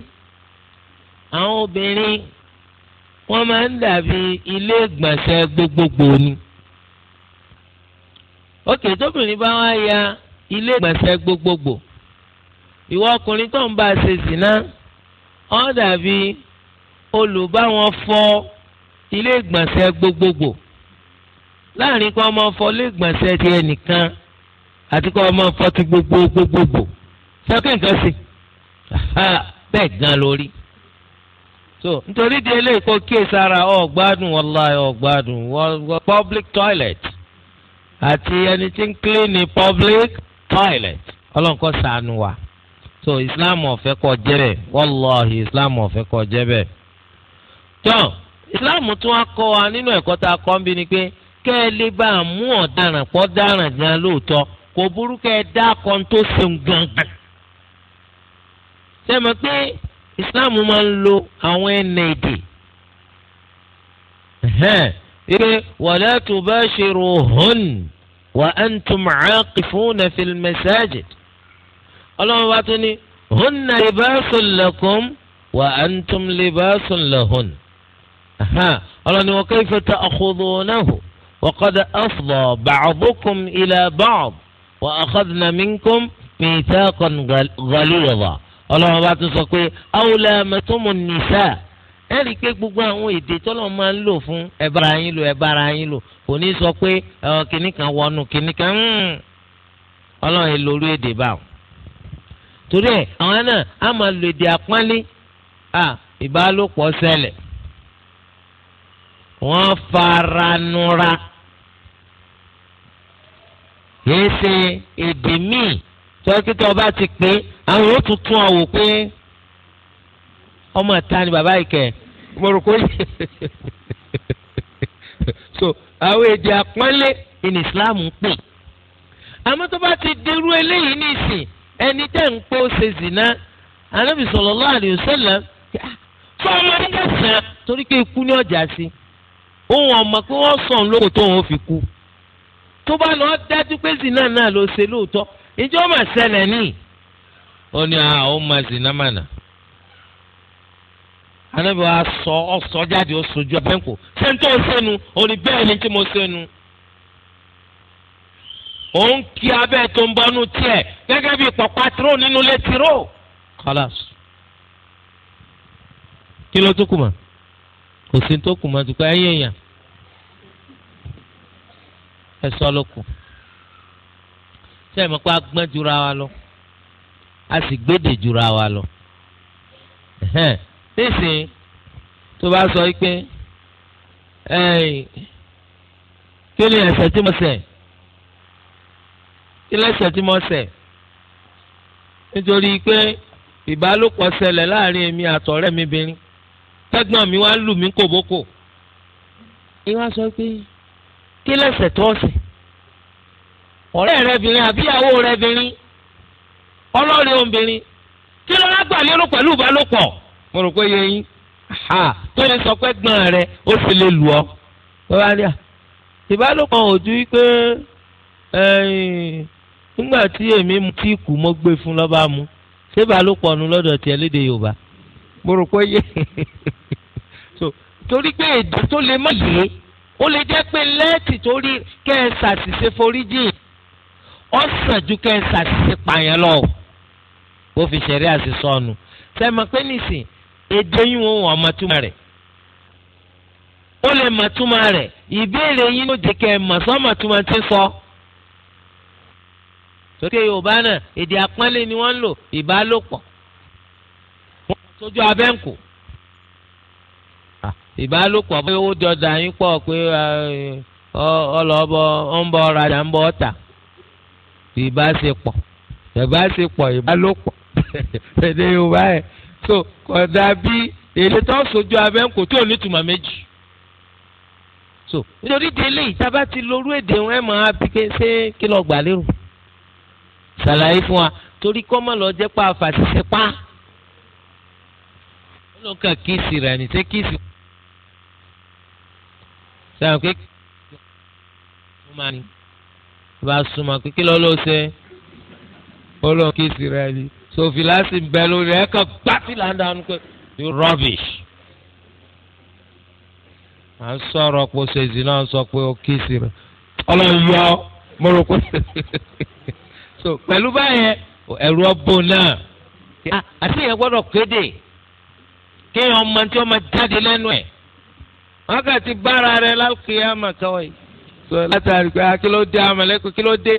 àwọn obìnrin wọ́n máa ń dàbí ilé ìgbọ̀nsẹ̀ gbogbogbò ni. òkè tóbìnrin bá wá ya ilé ìgbọ̀nsẹ̀ gbogbogbò ìwọ ọkùnrin tó ń bá a ṣe zina ó dàbí olùbáwọn fọ ilé ìgbọ̀nsẹ̀ gbogbogbò. láàrin kó ọmọ fọ lé gbọ̀nsẹ̀ ti ẹnìkan àti kó ọmọ fọ ti gbogbo gbogbogbò sẹ́kẹ̀ nǹkan sí bẹ́ẹ̀ gan lórí. so nítorí di eléyìí kó kíyè sára ọ gbádùn wọ public toilet àti ẹni so islam ọ̀fẹ́ kọ jẹ́ bẹ́ẹ̀ islam kẹ́ ẹ lè bá a mú ọ̀daràn pọ̀ dáràn gan lóòótọ́ kò burú kẹ́ ẹ dá kan tó ṣeun gangan. mo pé Islam máa ń lo àwọn ẹnẹ èdè. tó bá ṣe rò tubashiruhun wa á ń tún antum aakifuna fil masajid. ọlọ́run bá tún ní bá sùn lakum wa á ń tún lè bá sùn lahun. ọlọ́run ni wọ́n kẹ́ ẹ fẹ́ ta ọkọ̀ ọ̀dọ́ náà hù. وقد أفضى بعضكم إلى بعض وأخذنا منكم ميثاقا غليظا ọlọ́run bá tún sọ pé àwòlẹ́ mẹtọ́mọ nìṣá ẹ rí i pé gbogbo àwọn èdè tọ́lọ́run máa ń lò fún ẹ̀bára yín lò ẹ̀bára yín lò kò ní sọ pé ẹ̀rọ kìnnì kan wọnú kìnnì kan ọlọ́run èlò orí èdè bá torí ẹ̀ àwọn náà á máa lo èdè àpọ́nlé ìbálòpọ̀ ṣẹlẹ̀ wọ́n faranura yìí ṣe èdè míì tọ́kítà ọba ti pé àwọn yóò tún tún àwò pé ọmọ ìta ni bàbá ìkẹ́ mo rò kó yẹ so àwọn èdè àpọ́nlé ní Islam ń pè àmọ́ tó bá ti dérú eléyìí ní ìsìn ẹni tẹ́ ń pé ó ṣe zìnà Ànábì sallallahu alaihi wasallam fún ah, ọmọ nígbà sàn torí pé ikú ní ọjà sí i òun ọmọ pé wọ́n sọ̀n lóko tó òun fi kú tó bá lọ dájú pé zina náà ló ṣe lóòótọ́ ìjọ mà ṣẹlẹ̀ ní. ó ní àwọn ah, ọmọ zina mànà anábì wa sọ ọsọ jáde ó sojú abẹ́ǹkò sẹ́ńtọ́ sẹ́nu òní bẹ́ẹ̀ ni tí mo sẹ́nu. òun kí abẹ́ tó ń bọ́nú tiẹ̀ gẹ́gẹ́ bí pọ̀pá nínú létíró. kí ló tó kù mọ́ kò sí tó kù mọ́ tukọ̀ ẹ̀yìn èèyàn ẹ sọ ló kù ṣé ẹ mọ̀ jura wa lọ a sì gbédè jura wa lọ nísìnyí tó bá sọ pé kí ni ẹ̀ṣẹ̀ tí mo ṣẹ̀ kí ni ẹ̀ṣẹ̀ tí mo ṣẹ̀ nítorí pé ìbálòpọ̀ ṣẹlẹ̀ láàrin èmi àtọ̀rẹ́ mi bìnrin tẹ́gbọ́n mi wá lù mí kò bókò. ìwà sọ pé kí lẹ́sẹ̀ tó ọ̀sẹ̀ ọ̀rẹ́ rẹ bìnrin àbíyàwó rẹ bìnrin ọlọ́rin obìnrin kí ló rá gbà lérò pẹ̀lú ìbálòpọ̀ mo rò pé yẹ yín tó lè sọ pé gbọ́n rẹ ó sì lè lù ọ́ bàbá rí à ìbálòpọ̀ ò ju pé nígbà tí èmi mu tí kù mo gbé fún lọ́ba mu ṣé ìbálòpọ̀ nu lọ́dọ̀ tiẹ̀ léde Yorùbá mo rò pé yẹ torí pé èdè tó lè mọ̀ yìí ó lè jẹ́ pé lẹ́ẹ̀tì torí kẹ́ ẹ ṣàṣìṣe foríjì ó sàn ju kẹ́ ẹ ṣàṣìṣe pààyàn lọ bó fi ṣẹ̀rí àṣìṣọ́nu sẹ́mi pé nìsín èdè yín wọn wọn ọmọ túmọ̀ rẹ̀ ó lè mọ̀ túmọ̀ rẹ̀ ìbéèrè yín ló jẹ́ kẹ́ ẹ mọ̀ sọ́mọ̀ túmọ̀ ti sọ. sókè yorùbá náà èdè àpọ́nlé ni wọ́n ń lò ìbálòpọ̀ wọ́n sójú abẹ́ǹkù ìbálòpọ̀ pé owó jọ dà yín pọ̀ pé ọlọ́bọ ń bọ rajà ń bọ ọ̀tà ìbáṣepọ̀ ìbáṣepọ̀ ìbálòpọ̀ èdè Yorùbá ẹ̀ so kódà bí èlé tó sojú abẹ́ kò tí ò ní tùmọ̀ méjì so nítorí délé ìjábá ti lórú èdè wọn ẹ̀ máa bí ké ṣé kí lọ gbà lérò ṣàlàyé fún wa torí kọ́ mọ̀ lọ jẹ́ pa àfàṣìṣe pa ó lọ kà kíìsì rẹ̀ ní sẹ́ kíìsì pa sẹ́wọ̀n kékeré tó máa ní tó bá súnmọ́ kékeré lọ́ ló ṣe ó lọ kí ìsirẹ́ ni sọfìlàsì bẹ lórí ẹ kàn gbàtí là pé you rubbish à ń sọ̀rọ̀ pé oṣù èzì náà sọ pé ó kí ìsirẹ́ ọlọ́run yọ mo rò pé so pẹ̀lú báyẹn ẹ̀rù ọ̀bùn náà àti ìyẹn gbọ́dọ̀ kéde kéèyàn ọmọ tí wọ́n máa jáde lẹ́nu ẹ̀. wọn kà ti bára rẹ lálùkìyàmà kọ́wé so látàrí pé ah, dé dé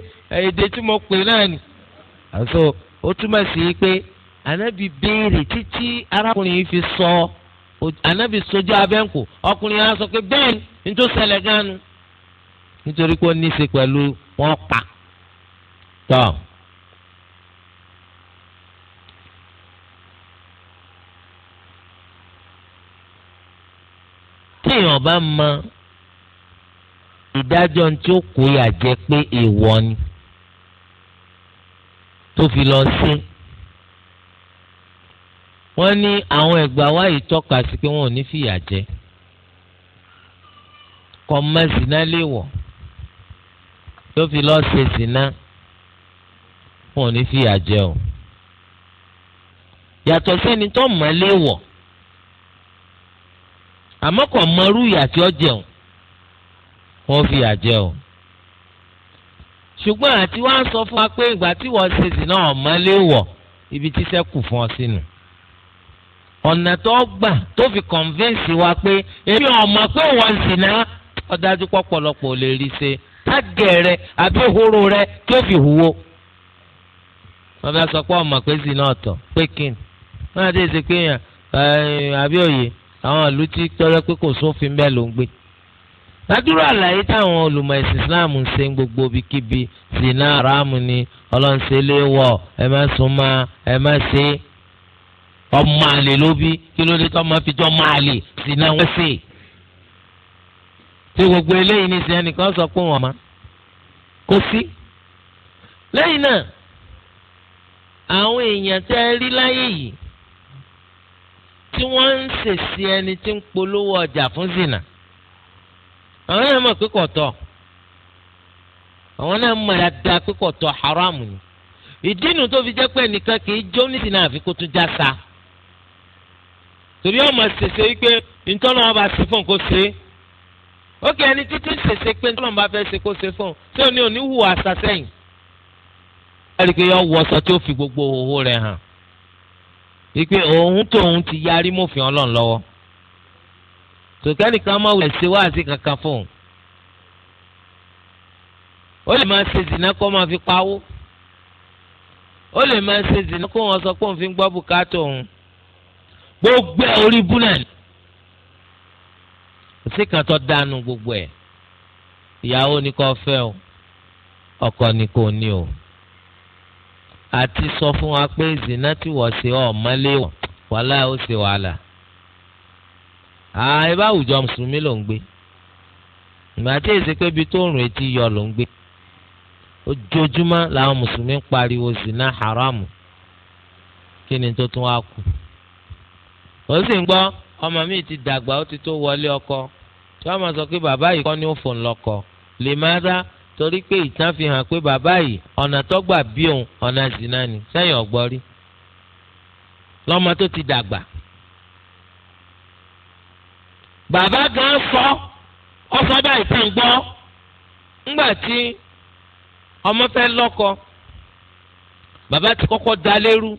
èdè tí mo pè náà ni. àṣọ ó túmọ̀ sí pé béèrè títí arákùnrin yìí fi sọ ànábì sojú abẹ́ǹkù ọkùnrin yẹn á sọ pé bẹ́ẹ̀ ni tó ṣẹlẹ̀ gánu nítorí pé ní í ṣe pẹ̀lú wọn pa. tọ́. ọba mọ ìdájọ́ tí ó kó yà jẹ́ pé èèwọ̀ ni tó fi lọ sí wọ́n ní àwọn ẹ̀gbà wa yìí tọ́ka sí pé wọn ò ní fìyà jẹ kọ́mọ zina lè wọ̀ tó fi lọ ṣe zina wọn ò ní fìyà jẹ o yàtọ̀ sẹ́ni tó mọ̀ lè wọ̀ àmọ́ kò mọrú ìyà tí ó jẹun wọ́n fi ìyà jẹ o. ṣùgbọ́n àti wọ́n á sọ fún wa pé ìgbà tí wọ́n ṣe sì náà ọ̀mọ́lé wọ̀ ibi tí sẹ́kù fún ọ sínú. ọ̀nà tó gbà tó fi kọ̀ǹfẹ́ǹsì wa pé èmi ọ̀mọ̀ pé wọ́n sì náà ọ̀dájú pọ̀pọ̀lọpọ̀ lè rí ṣe tágẹ̀ rẹ àbí ehoro rẹ tí fi hùwò. wọ́n bá sọ pé ọ̀mọ̀ pé sì náà tọ̀ pé kí ni. wọ́n á dé ṣe pé yàn àbí òye àwọn ìlú tí tọ́lẹ́ pé kò sófin bẹ́ẹ̀ ló ń gbé ládùúrà àlàyé táwọn olùmọ̀ ẹ̀sìn islam ń ṣe gbogbo ibikíbi sínú aráàmù ni ọlọ́nṣẹ́ lè wọ̀ ẹ má sún mọ́ ẹ má ṣe ọmọ àlè ló bí kí ló dé tó máa fi jọ ọmọ àlè sínú àwọn ẹ̀sìn tí gbogbo eléyìí ní sẹ́yìn nìkan sọ pé wọ́n má kó sí lẹ́yìn náà àwọn èèyàn tẹ́ rí láyé yìí tí wọ́n ń ṣèṣe ẹni tí ń polówó ọjà fún zina àwọn náà mọ̀ pé kò tọ́ àwọn náà mọ̀ dáadáa pé kò tọ́ haramu ni ìdí inú tó fi jẹ́ pé ẹnìkan kì í jó nísìnyí náà àfi kó tún já sa torí ọmọ ṣèṣe wípé ntọ́nà wọn bá ṣe fún kó ṣe é ẹni títí ṣèṣe pé ntọ́nà wọn bá fẹ́ ṣe kó ṣe fún ṣé òní òní hùwà àṣà sẹ́yìn. ẹ̀rí yọ wọ ọsọ tí ó fi gbogbo òwò rẹ̀ hàn wípé òun tóun ti yarí mòfin ọlọ́run lọ́wọ́ tòkẹ́nìkan máa wẹ̀ ṣe wáàsí kankan fóun ó lè máa ṣe zìnà kó máa fi pawó ó lè máa ṣe zìnà kó wọn sọ pé òun fi ń gbọ́ bùkátà òun gbogbo ẹ̀ orí búnà ni síkàn tó dànù gbogbo ẹ̀ ìyàwó ni kò fẹ́ o ọkọ ni kò ní o àti sọ fún wa pé zina ti wọ̀ sí ọ̀mọ́lé wọ̀ wàhálà ó ṣe wàhálà. àà ibà àwùjọ mùsùlùmí ló ń gbé ìgbà tí èsì pé ibi tó rùn etí yọ ló ń gbé ojoojúmọ́ làwọn mùsùlùmí ń pariwo zina haramu kí ni tó tún wá kù. ó sì ń gbọ́ ọmọ mi ti dàgbà ó ti tó wọlé ọkọ tí wọ́n máa sọ pé bàbá yìí kọ́ ni ó fò ń lọ́kọ lè má dá torí pé ìtàn fi hàn pé bàbá yìí ọ̀nà tó gbà bí òun ọ̀nà zina ni sẹ́yìn ọ̀gbọ́n rí lọ́mọ tó ti dàgbà. bàbá gan sọ ọ̀sọ́dọ̀ ìtàn gbọ́ ńgbà tí ọmọ fẹ́ lọ́kọ bàbá ti kọ́kọ́ da lérú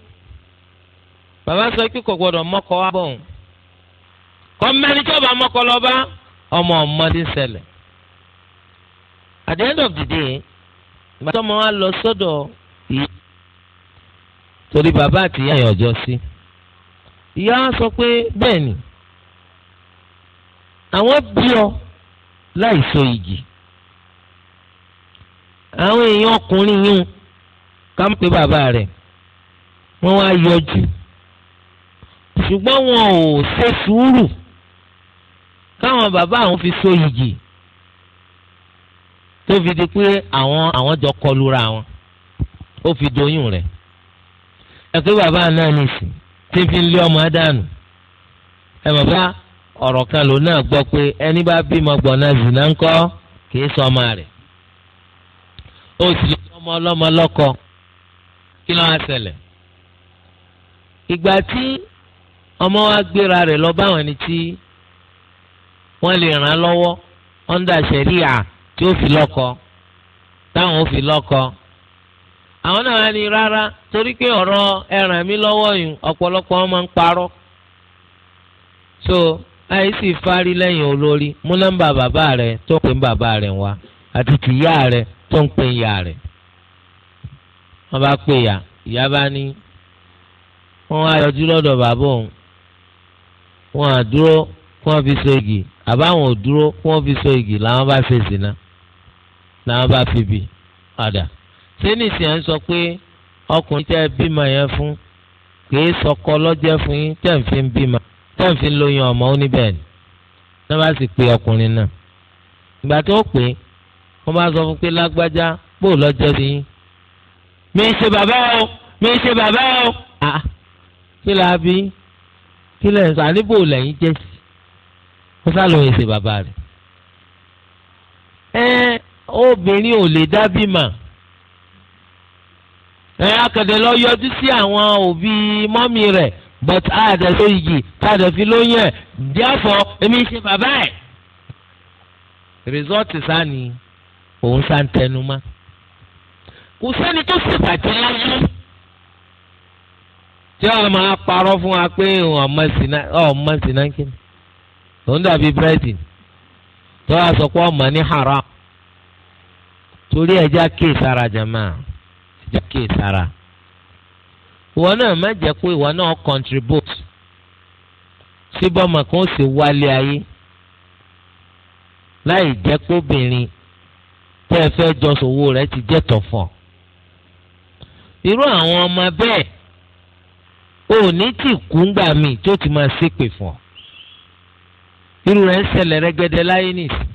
bàbá sọ pé kò gbọdọ̀ mọ́kọ wá bọ̀ òun kọ́ mẹ́rin tí ọba mọ́kọ lọ́ba ọmọ ọmọ ti at the end of the day ìgbà tó ọmọ wa lọ sọ́dọ̀ ìyá torí bàbá àti ìyá yẹn ọjọ́ sí ìyá wa sọ pé bẹ́ẹ̀ ni àwọn bí ọ láì so igi àwọn èèyàn ọkùnrin yún ká ń pe bàbá rẹ̀ wọ́n wá yọjú ṣùgbọ́n wọn ò ṣe sùúrù káwọn bàbá àwọn fi so igi tó fi di pé àwọn àwọn jọ kọlura wọn ó fi doyún rẹ̀ ẹ pé bàbá náà nìsí tí fi ń lé ọmọ dànù ẹ bàbá ọ̀rọ̀ kan ló náà gbọ́ pé ẹni bá bímọ gbọ̀nà zìnà ńkọ́ kìí sọ ọmọ rẹ̀ ó sì ọmọ ọlọ́mọ lọ́kọ kí ló wá ṣẹlẹ̀ ìgbà tí ọmọ wa gbéra rẹ̀ lọ báwọn ẹni tí wọ́n lè ràn án lọ́wọ́ ọ́ndà ṣẹ̀ríà tí ó fi lọ́kọ táwọn ó fi lọ́kọ àwọn náà ní rárá torí pé ọ̀rọ̀ ẹ̀ràn mi lọ́wọ́ yìí ọ̀pọ̀lọpọ̀ wọn máa ń parọ́ so àìsí fárí lẹ́yìn olórí mú nọ́mbà bàbá rẹ̀ tó ń pè ń bàbá rẹ̀ wá àti tìyá rẹ̀ tó ń pè ń yá rẹ̀ wọ́n bá pè yá ìyá bá ní wọ́n á yọjú lọ́dọ̀ bàbá òun wọ́n á dúró kí wọ́n fi so igi àbáwọn ò dúró kí wọ́n fi so igi làwọn bá fèsì náà làwọn bá fi bì padà ṣé nìsín à ń sọ pé ọkùnrin tẹ́ bímọ yẹn fún kìí sọkọ lọ́jẹ́ fún yín tẹ́ ń fi ń bímọ tẹ́ ń fi ń lóyún ọmọ oníbẹ̀ ni tẹ́ bá sì pe ọkùnrin náà ìgbà tó pè é wọ́n bá sọ fún pé lágbájá bò lọ́jẹ́ sí yín mi ṣe bàbá o mi ṣe bàbá o ah kí la bí kí lẹ́yìn sọ àníbò lẹ́yìn jẹ́ sí wọ́n sá lóyún ṣe bàbá rẹ̀ obìnrin ò lè dábì mà ẹ akẹ̀dẹ̀ lọ yọjú sí àwọn òbí mọ́mì rẹ̀ but àdẹ ló yìí tàdẹ fi lóyún ẹ̀ díẹ̀fọ́ èmi ń ṣe bàbá ẹ̀ rìsọ́ọ̀tì sáni òun sá ń tẹnumọ́ kò sẹ́ni tó sì bàjẹ́ láyé tí wọ́n máa parọ́ fún wa pé ọmọ sinankini òun dàbí bírèdì tó wàá sọ pé ọmọ ní haram. torí já kéè sára jama ẹja kéè sára ìwọ náà má jẹ́ pé ìwọ náà contribute sí bọ́mọ kan ó sì wálé ayé láì jẹ́ pé obìnrin tẹ́ ẹ fẹ́ jọ sòwò rẹ̀ ti jẹ́ tọ̀fọ̀ irú àwọn ọmọ bẹ́ẹ̀ ò ní tì kú ńgbà míì tó ti máa ṣépè fún ọ irú rẹ̀ ń ṣẹlẹ̀ rẹ́gẹ́dẹ́ láyé nìsí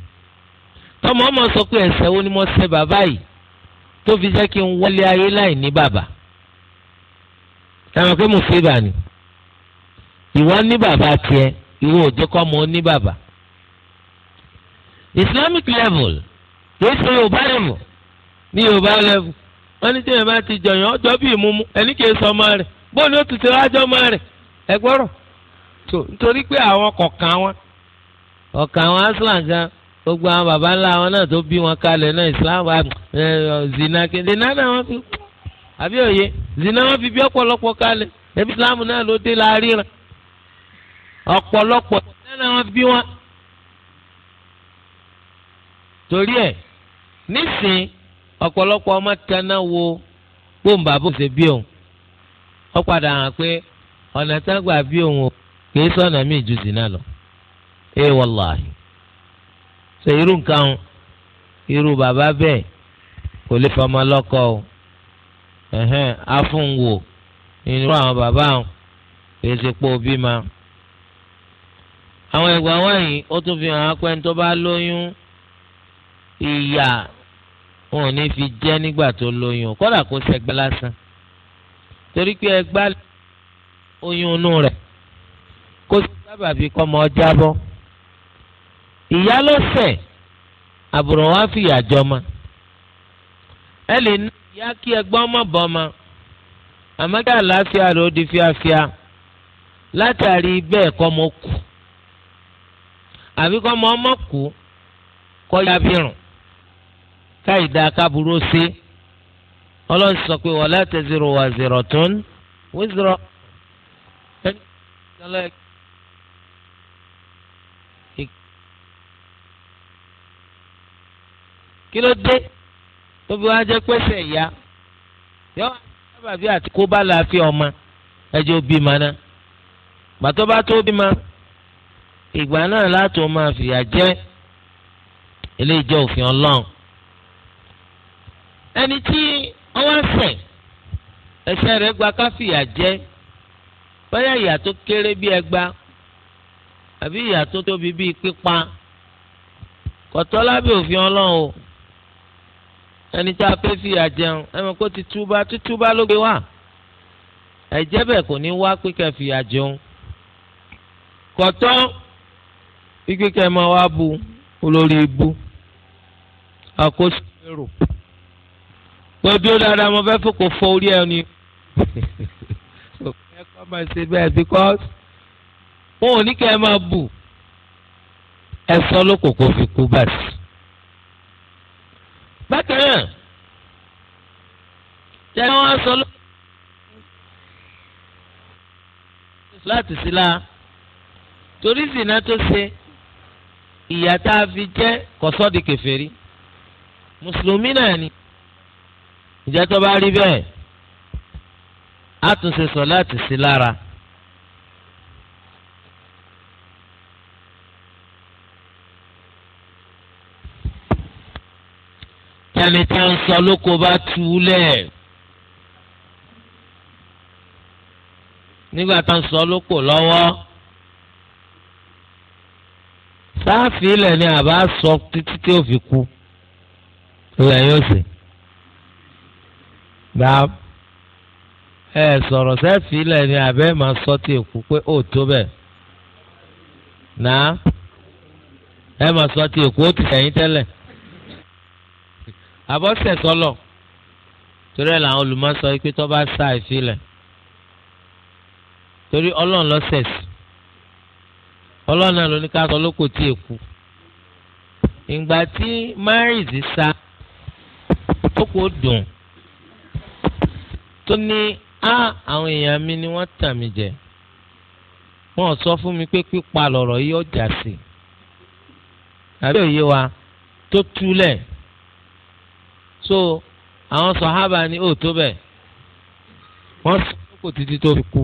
ọmọ ọmọ sọ pé ẹ̀ṣẹ̀ wo ni mo ṣẹ̀ bàbá yìí tó fi jẹ́ kí n wọlé ayé láì ní bàbá táwọn pé mo fi bà ní ìwọ ní bàbá tiẹ̀ ìwọ ò jẹ́ kọ́ ní bàbá Islamic level kìí ṣe Yorùbá level ní Yorùbá level wọ́n ní tí yẹn bá ti jọyàn ọjọ́ bí ìmúmú ẹni kìí sọ ọmọ rẹ̀ bóòlù ó ti ṣe wájọ́ ọmọ rẹ̀ ẹ gbọ́rọ̀ nítorí pé àwọn kọ̀ọ̀kan wọn kọ̀ọ̀kan wọn aslan gan gbogbo àwọn baba ńlá wọn náà tó bí wọn kalẹ̀ náà islam zina zina náà wọn fi àbí òye zina wọn fi bí ọ̀pọ̀lọpọ̀ kalẹ̀ ẹbí islam náà ló dé la ríra ọ̀pọ̀lọpọ̀ náà wọn bí wọn. torí ẹ̀ nísìn ọ̀pọ̀lọpọ̀ ọmọ kaná wo gbóǹbà bó ṣe bí òun ó padà hàn pé ọ̀nà tágbà bí òun kì í sọ̀nà míì ju zina lọ. ẹ wàláhì ṣe irú nǹkan irú bàbá bẹ́ẹ̀ kò lè fọmọ lọ́kọ o ẹ̀hẹ́n afúnwò nínú àwọn bàbá àwọn kìí ṣe pé òbí ma. àwọn ìgbà wọ̀nyí ó tún fi hàn pé tó bá lóyún ìyà wọn ò ní fi jẹ́ nígbà tó lóyún kódà kó ṣẹgbẹ́ lásán torí pé ẹgbà oyún inú rẹ̀ kó sábàbí kọ́ ọmọ jábọ́ ìyá lọ́sẹ̀ àbùrò wa fìyà jọmọ ẹ lè ní ìyá kí ẹgbọ́n ọmọ bọ́ ọmọ àmọ́ kí àlàáfíà rẹ̀ ó di fíafíà látàrí bẹ́ẹ̀ kọ́ mọ kù àbí kọ́ mọ ọmọ kù kọ́ ya bírùn káyì dáa kábúrú sí ọlọ́run sọ pé wala taziru waziratun wizra ẹni tó ń sọ lọ́yẹ̀ kí. kí ló dé tóbi wá jẹ́ pẹ́sẹ̀ ìyá yọ sábàbí àti kó bá láàfin ọmọ ẹjọ́ bímọ náà gbàtọ́ bá tó bímọ ìgbà náà láti máa fìyà jẹ eléyìí jẹ́ òfin Ọlọ́run ẹni tí wọ́n wá ṣẹ̀ ẹ̀ṣẹ̀ rẹ̀ gba ká fìyà jẹ bóyá ìyà tó kéré bí ẹgba àbí ìyà tó tóbi bíi pípa kọtọ lábẹ́ òfin Ọlọ́run o ẹni tí a fẹ́ fìyà jẹun ẹ mọ̀ kó ti túbá tútúbá ló gbé wá ẹ̀jẹ̀ bẹ̀ kò ní wá pé kẹ́ fìyà jẹun kọ̀tọ́ ikú kẹ́ wá bu olórí ibu àkóso èrò gbọdọ dáadáa mo fẹ́ fòkò fọ orí ẹ ni ẹ kọ́ máa ṣe bẹ́ẹ̀ because wọn ò ní kẹ́ máa bù ẹ sọ lókòkò fi kú bá sí bákan náà tẹ́lẹ̀ wọ́n sọ lọ́wọ́ láti sílá torí zina tó ṣe ìyà tá a fi jẹ́ kọ́sọ́ọ̀dì kèfèrí mùsùlùmí náà ni ìjẹ́ tó bá rí bẹ́ẹ̀ á tún ṣe sọ láti sí lára. ẹni tí ń sọ lóko bá tu lẹ̀ nígbà tá ń sọ lóko lọ́wọ́ sáàfì ilẹ̀ ni àbá sọ títí tí ó fi kú ilẹ̀ yóò sè gbà ẹ sọ̀rọ̀ sáàfì ilẹ̀ ni àbẹ́ máa sọ tí èkú pé ó tó bẹ́ẹ̀ ẹ máa sọ tí èkó ti sẹ́yìn tẹ́lẹ̀ àbọ̀sẹ̀ sọlọ torí ẹ̀ làwọn olùmọ̀sọ pé tó bá sá ìfilẹ̀ torí ọlọ́run lọ́sẹ̀ sí ọlọ́run náà ló ní ká sọ lóko tí èkú ìgbà tí márìsì sá tó kò dùn tó ní á àwọn èèyàn mi ni wọ́n tàn mí jẹ wọ́n sọ fún mi pé pípa lọ̀rọ̀ yìí ọjà sí àbí òye wa tó túlẹ̀ so àwọn sọ̀hábà ni ó tó bẹ̀ wọ́n kò títí tó fi kú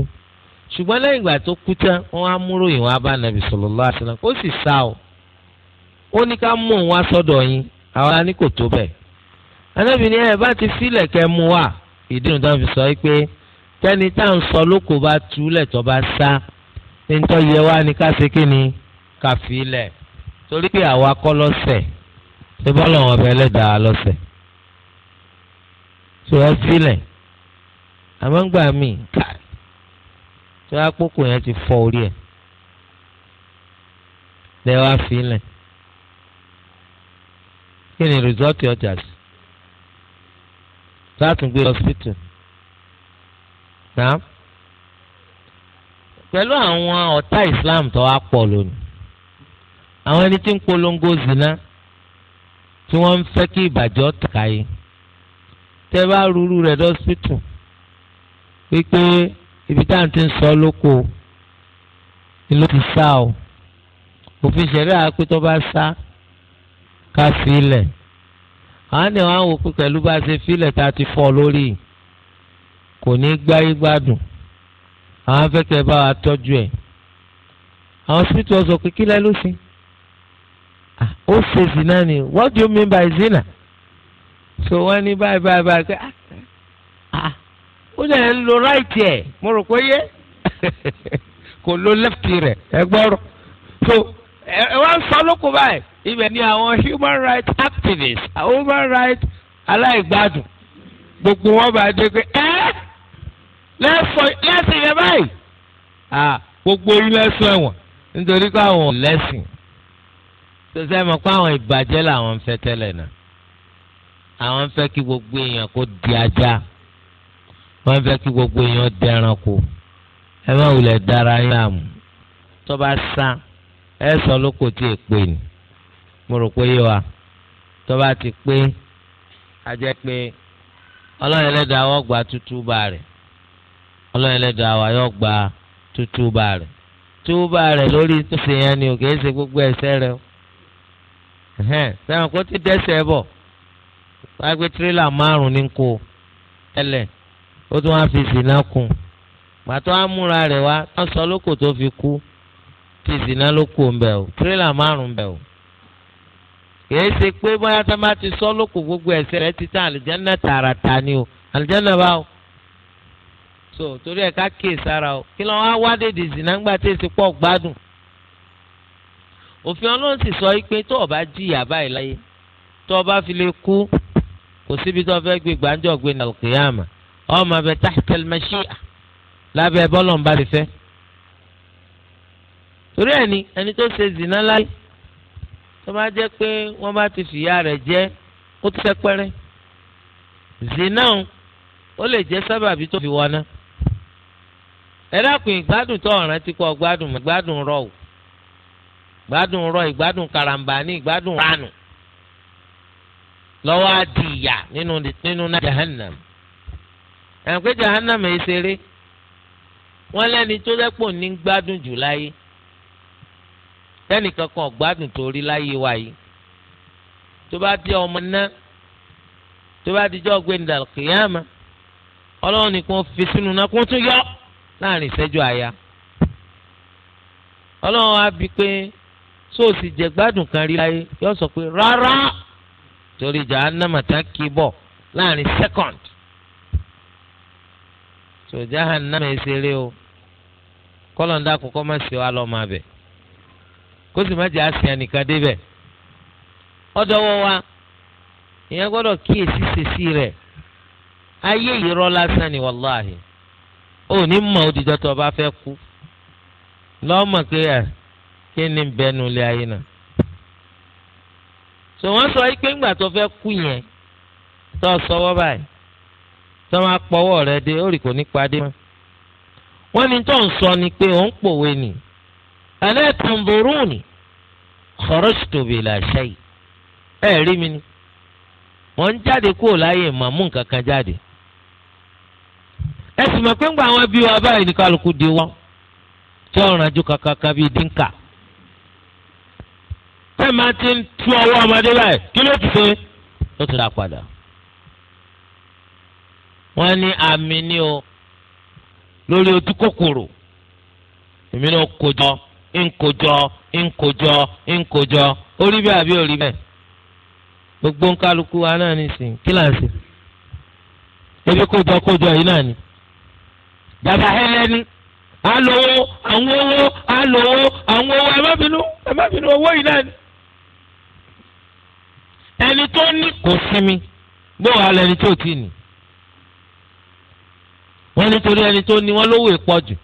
ṣùgbọ́n lẹ́yìn ìgbà tó kú tán wọ́n á múrò yìí wọ́n á bá nàbì sallallahu alaihi wasallam kó sì sá o ó ní ká mú òun wá sọ́dọ̀ yín àwọn á ní kò tó bẹ̀ anábì ni ẹ bá ti sílẹ̀ kẹ́ mú wá ìdí nu táwọn fi sọ yìí pé kẹ́ni tá à ń sọ lóko bá túlẹ̀ tó bá sá nítorí yẹ wá ní ká ṣe kí ni ká fi lẹ̀ torí pé àwa kọ́ lọ́sẹ̀ ṣé bọ́lọ̀ wọn fẹ́ lẹ́dàá lọ́sẹ̀ tó ẹ sílẹ̀ àmọ́ ń gbà mí ká tó ẹ àkókò yẹn ti fọ́ orí ẹ̀ lẹ́ wá sílẹ̀ kí ni rìsọ́ọ̀tì ọjà sí láti gbé hospital náà pẹ̀lú àwọn ọ̀tá Islam tó wá pọ̀ lónìí àwọn ẹni tí ń polongo zina tí wọ́n ń fẹ́ kí ìbàjẹ́ ọ̀tàkà yìí tẹ́ bá rúurú rẹ̀ dọ́sítù wípé ibi táwọn ti ń sọ lóko ni ló ti sá o òfin ṣẹ̀rí àpétọ́ bá sá ká sílẹ̀ àwọn ni wọn á wò pé pẹ̀lú bá ṣe fílẹ̀ tá a ti fọ́ lórí kò ní gbáyé gbádùn àwọn afẹ́kẹ́ bá wa tọ́jú ẹ̀ àwọn hospital sọ ló sìn ó ṣe zina ni what do you mean by zina? so wọ́n ní báyìí báyìí báyìí pé ah, ah ó dẹ̀ ń lo right ẹ̀ mo rò pé yé kò lo left rẹ̀ ẹ so ẹ wá ń sọ lóko báyìí ibẹ̀ ni àwọn human rights activists human rights aláìgbádùn gbogbo wọn bá dé pé ẹ lẹ́sìn yẹn báyìí gbogbo yín lẹ́sìn ẹ̀wọ̀n nítorí pé àwọn ò lẹ́sìn tó sẹ́yìn mọ̀ pé àwọn ìbàjẹ́ làwọn ń fẹ́ tẹ́lẹ̀ náà àwọn fẹ́ kí gbogbo èèyàn kó di ajá wọ́n fẹ́ kí gbogbo èèyàn di ẹranko ẹ má wulẹ̀ dára yín àmú tó bá sàn ẹ sọ lóko tí ì pè ní mo rò pé yé wa tó bá ti pé a pé ọlọ́run ẹlẹ́dàá wọ́n gba tútú rẹ̀ ọlọ́run ẹlẹ́dàá wa yóò gba tútú rẹ̀ tútú rẹ̀ lórí tó ṣe yẹn ni ò kìí ṣe gbogbo ẹ̀ṣẹ̀ rẹ̀ o sẹ́wọ̀n kó ti dẹ́ṣẹ̀ bọ̀ wáyé pé tirẹ́là márùn-ún ní kó tẹ́lẹ̀ ó tún wá fi zina kún pàtó amúra rẹ̀ wá wọ́n sọ lóko tó fi kú ti zina ló kù ń bẹ̀ o tirẹ́là márùn-ún bẹ̀ o kìí ṣe pé bóyá tá a máa ti sọ lóko gbogbo ẹ̀ṣẹ̀ rẹ̀ ti tán àlìjáná tààràtà ni o àlìjáná bá o so torí ẹ̀ ká kíyè sára o kí ló wá wá dèdè zina ńgbà tí èsì pọ̀ gbádùn òfin ọlọ́run sì sọ pé tó o bá jìyà báyìí láyé tó o bá fi lè kú kò síbi tó fẹ́ gbé gbàǹjọ́ gbé ní alùkìyàmà ọmọ abẹ táìtẹ̀lì mẹ́ṣíà lábẹ́ bọ́lọ̀ ń bá ti fẹ́. torí ẹni ẹni tó ṣe zìnà láyé tó bá jẹ́ pé wọ́n bá ti fìyà rẹ̀ jẹ́ ó ti fẹ́ pẹ́rẹ́. zìnà ó lè jẹ́ sábàbí tó fi wọná. ẹ ìgbádùn tó ọ̀ràn ti kọ́ gbádùn gbádùn rọ̀ gbádùn rọ̀ ìgbádùn karambání ìgbádùn ránù lọ́wọ́ á di ìyà nínú nínú náà jahannam ẹ̀ pé jahannam ẹ̀ ṣeré wọ́n lẹ́ni tó rẹ́pò ní gbádùn jù láyé tẹ́nìkan kan gbádùn tó rí láyé wa yìí tó bá di ọmọ náà tó bá di jọ́ gbẹ̀ndà kìyàmà ọlọ́run nìkan fi sínú náà kó tún yọ láàrin ìṣẹ́jú àyà ọlọ́run á bi pé sóòsì jẹ gbádùn kan rí láyé yóò sọ pé rárá. torí jahannama tá kì í bọ̀ láàrin second so jahannama ìṣeré o kọlọ̀ndà kọ́kọ́ má ṣe wa lọ́ máa bẹ̀ kó sì má jẹ́ débẹ̀ ọ̀dọ́wọ́ wa ìyẹn gbọ́dọ̀ kíyèsí ṣèṣì rẹ̀ ayé ìrọ́ lásán ni wàláhì ó ní mọ̀ òdìjọ́ tó o bá fẹ́ kú lọ́ọ́ mọ̀ pé kí ni ilé sọ wọ́n sọ pé ńgbà tó fẹ́ kú yẹn tó sọwọ́ báyìí tó máa pọ̀wọ́ rẹ dé ó rì kò ní padé mọ́ wọ́n ní tó ń sọ ni pé ó ń pòwe nì ẹlẹ́tàǹbùrúùnì kharajtu bila shay ẹ̀ rí mi ni mọ̀ ń jáde kúrò láyé màmú nǹkan kan jáde ẹ sì mọ̀ pé ńgbà àwọn bí wa báyìí ní kálukú di wọ́n tí ọ̀ràn ju kàkàkà bíi dínkà tẹ́ máa ti ń tú ọwọ́ ọmọdé báyìí kí ló ti ṣe ló ti ra padà. wọ́n ní àmì ni o lórí ojú kòkòrò èmi náà kojọ nkojọ nkojọ nkojọ orí bẹ́ẹ̀ àbí orí bẹ́ẹ̀ gbogbo nkálukú wa náà nìsín kí là ń sè ebi kojọ kojọ yìí náà ni dàbà hẹlẹ́ni àlòwò àwọn owó àlòwò àwọn owó ẹ má bínú ẹ má bínú owó yìí náà ni ẹni tó ní kò sinmi gbóhùn alẹ́ ẹni tó ti nì wọ́n nítorí ẹni tó ní wọ́n lówó ìpọ́jù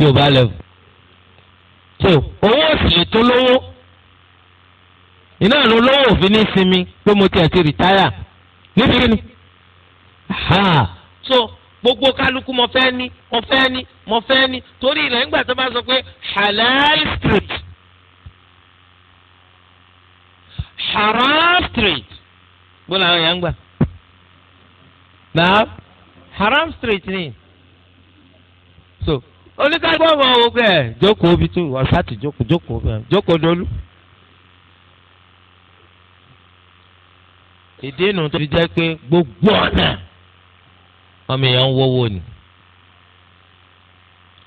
yóò bá lẹ́wù tó owó òsì lè lówó iná ló lówó òfin ní sinmi pé mo tiẹ̀ ti rìtáyà nítorí ni so gbogbo kálukú mo fẹ́ ní mo fẹ́ ní mo fẹ́ ní torí rẹ̀ ńgbà tó bá sọ pé halal street. haram street gbọ́dọ̀ àwọn èèyàn ń gbà náà haram street ni so oníkàgbọ́ ọmọ wo bẹ́ẹ̀ jókòó bi tó ọ̀sá ti jókòó jókòó bẹ́ẹ̀ jókòó dolú. ìdí inú tó fi jẹ́ pé gbogbo ọ̀nà ọmọ èèyàn ń wọ́wọ́ ni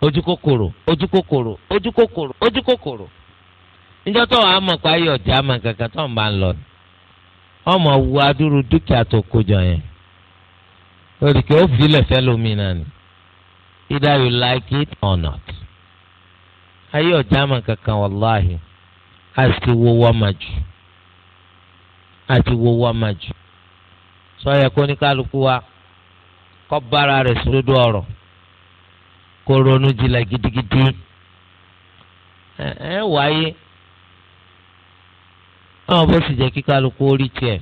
ojú kòkòrò ojú kòkòrò ojú kòkòrò ojú kòkòrò níjọ́ tó wàá mọ̀ pé ayé ọ̀jà máa kankan tó ń bá ń lọ ọmọ wu adúrú dúkìá tó kójọ yẹn olùkẹ́ ó fi lẹ̀fẹ́ lómi náà ni either you like it or not ayé ọ̀jà máa kankan wàláhì àti wọ́wọ́ máa jù àti wọ́wọ́ máa jù sọ yẹ kó ní kálukú wa kọ́ bára rẹ̀ sódò ọ̀rọ̀ kó ronú jinlẹ̀ gidigidi ẹ ẹ wáyé. náà bó sì jẹ́ kí kálukú ó rí tiẹ̀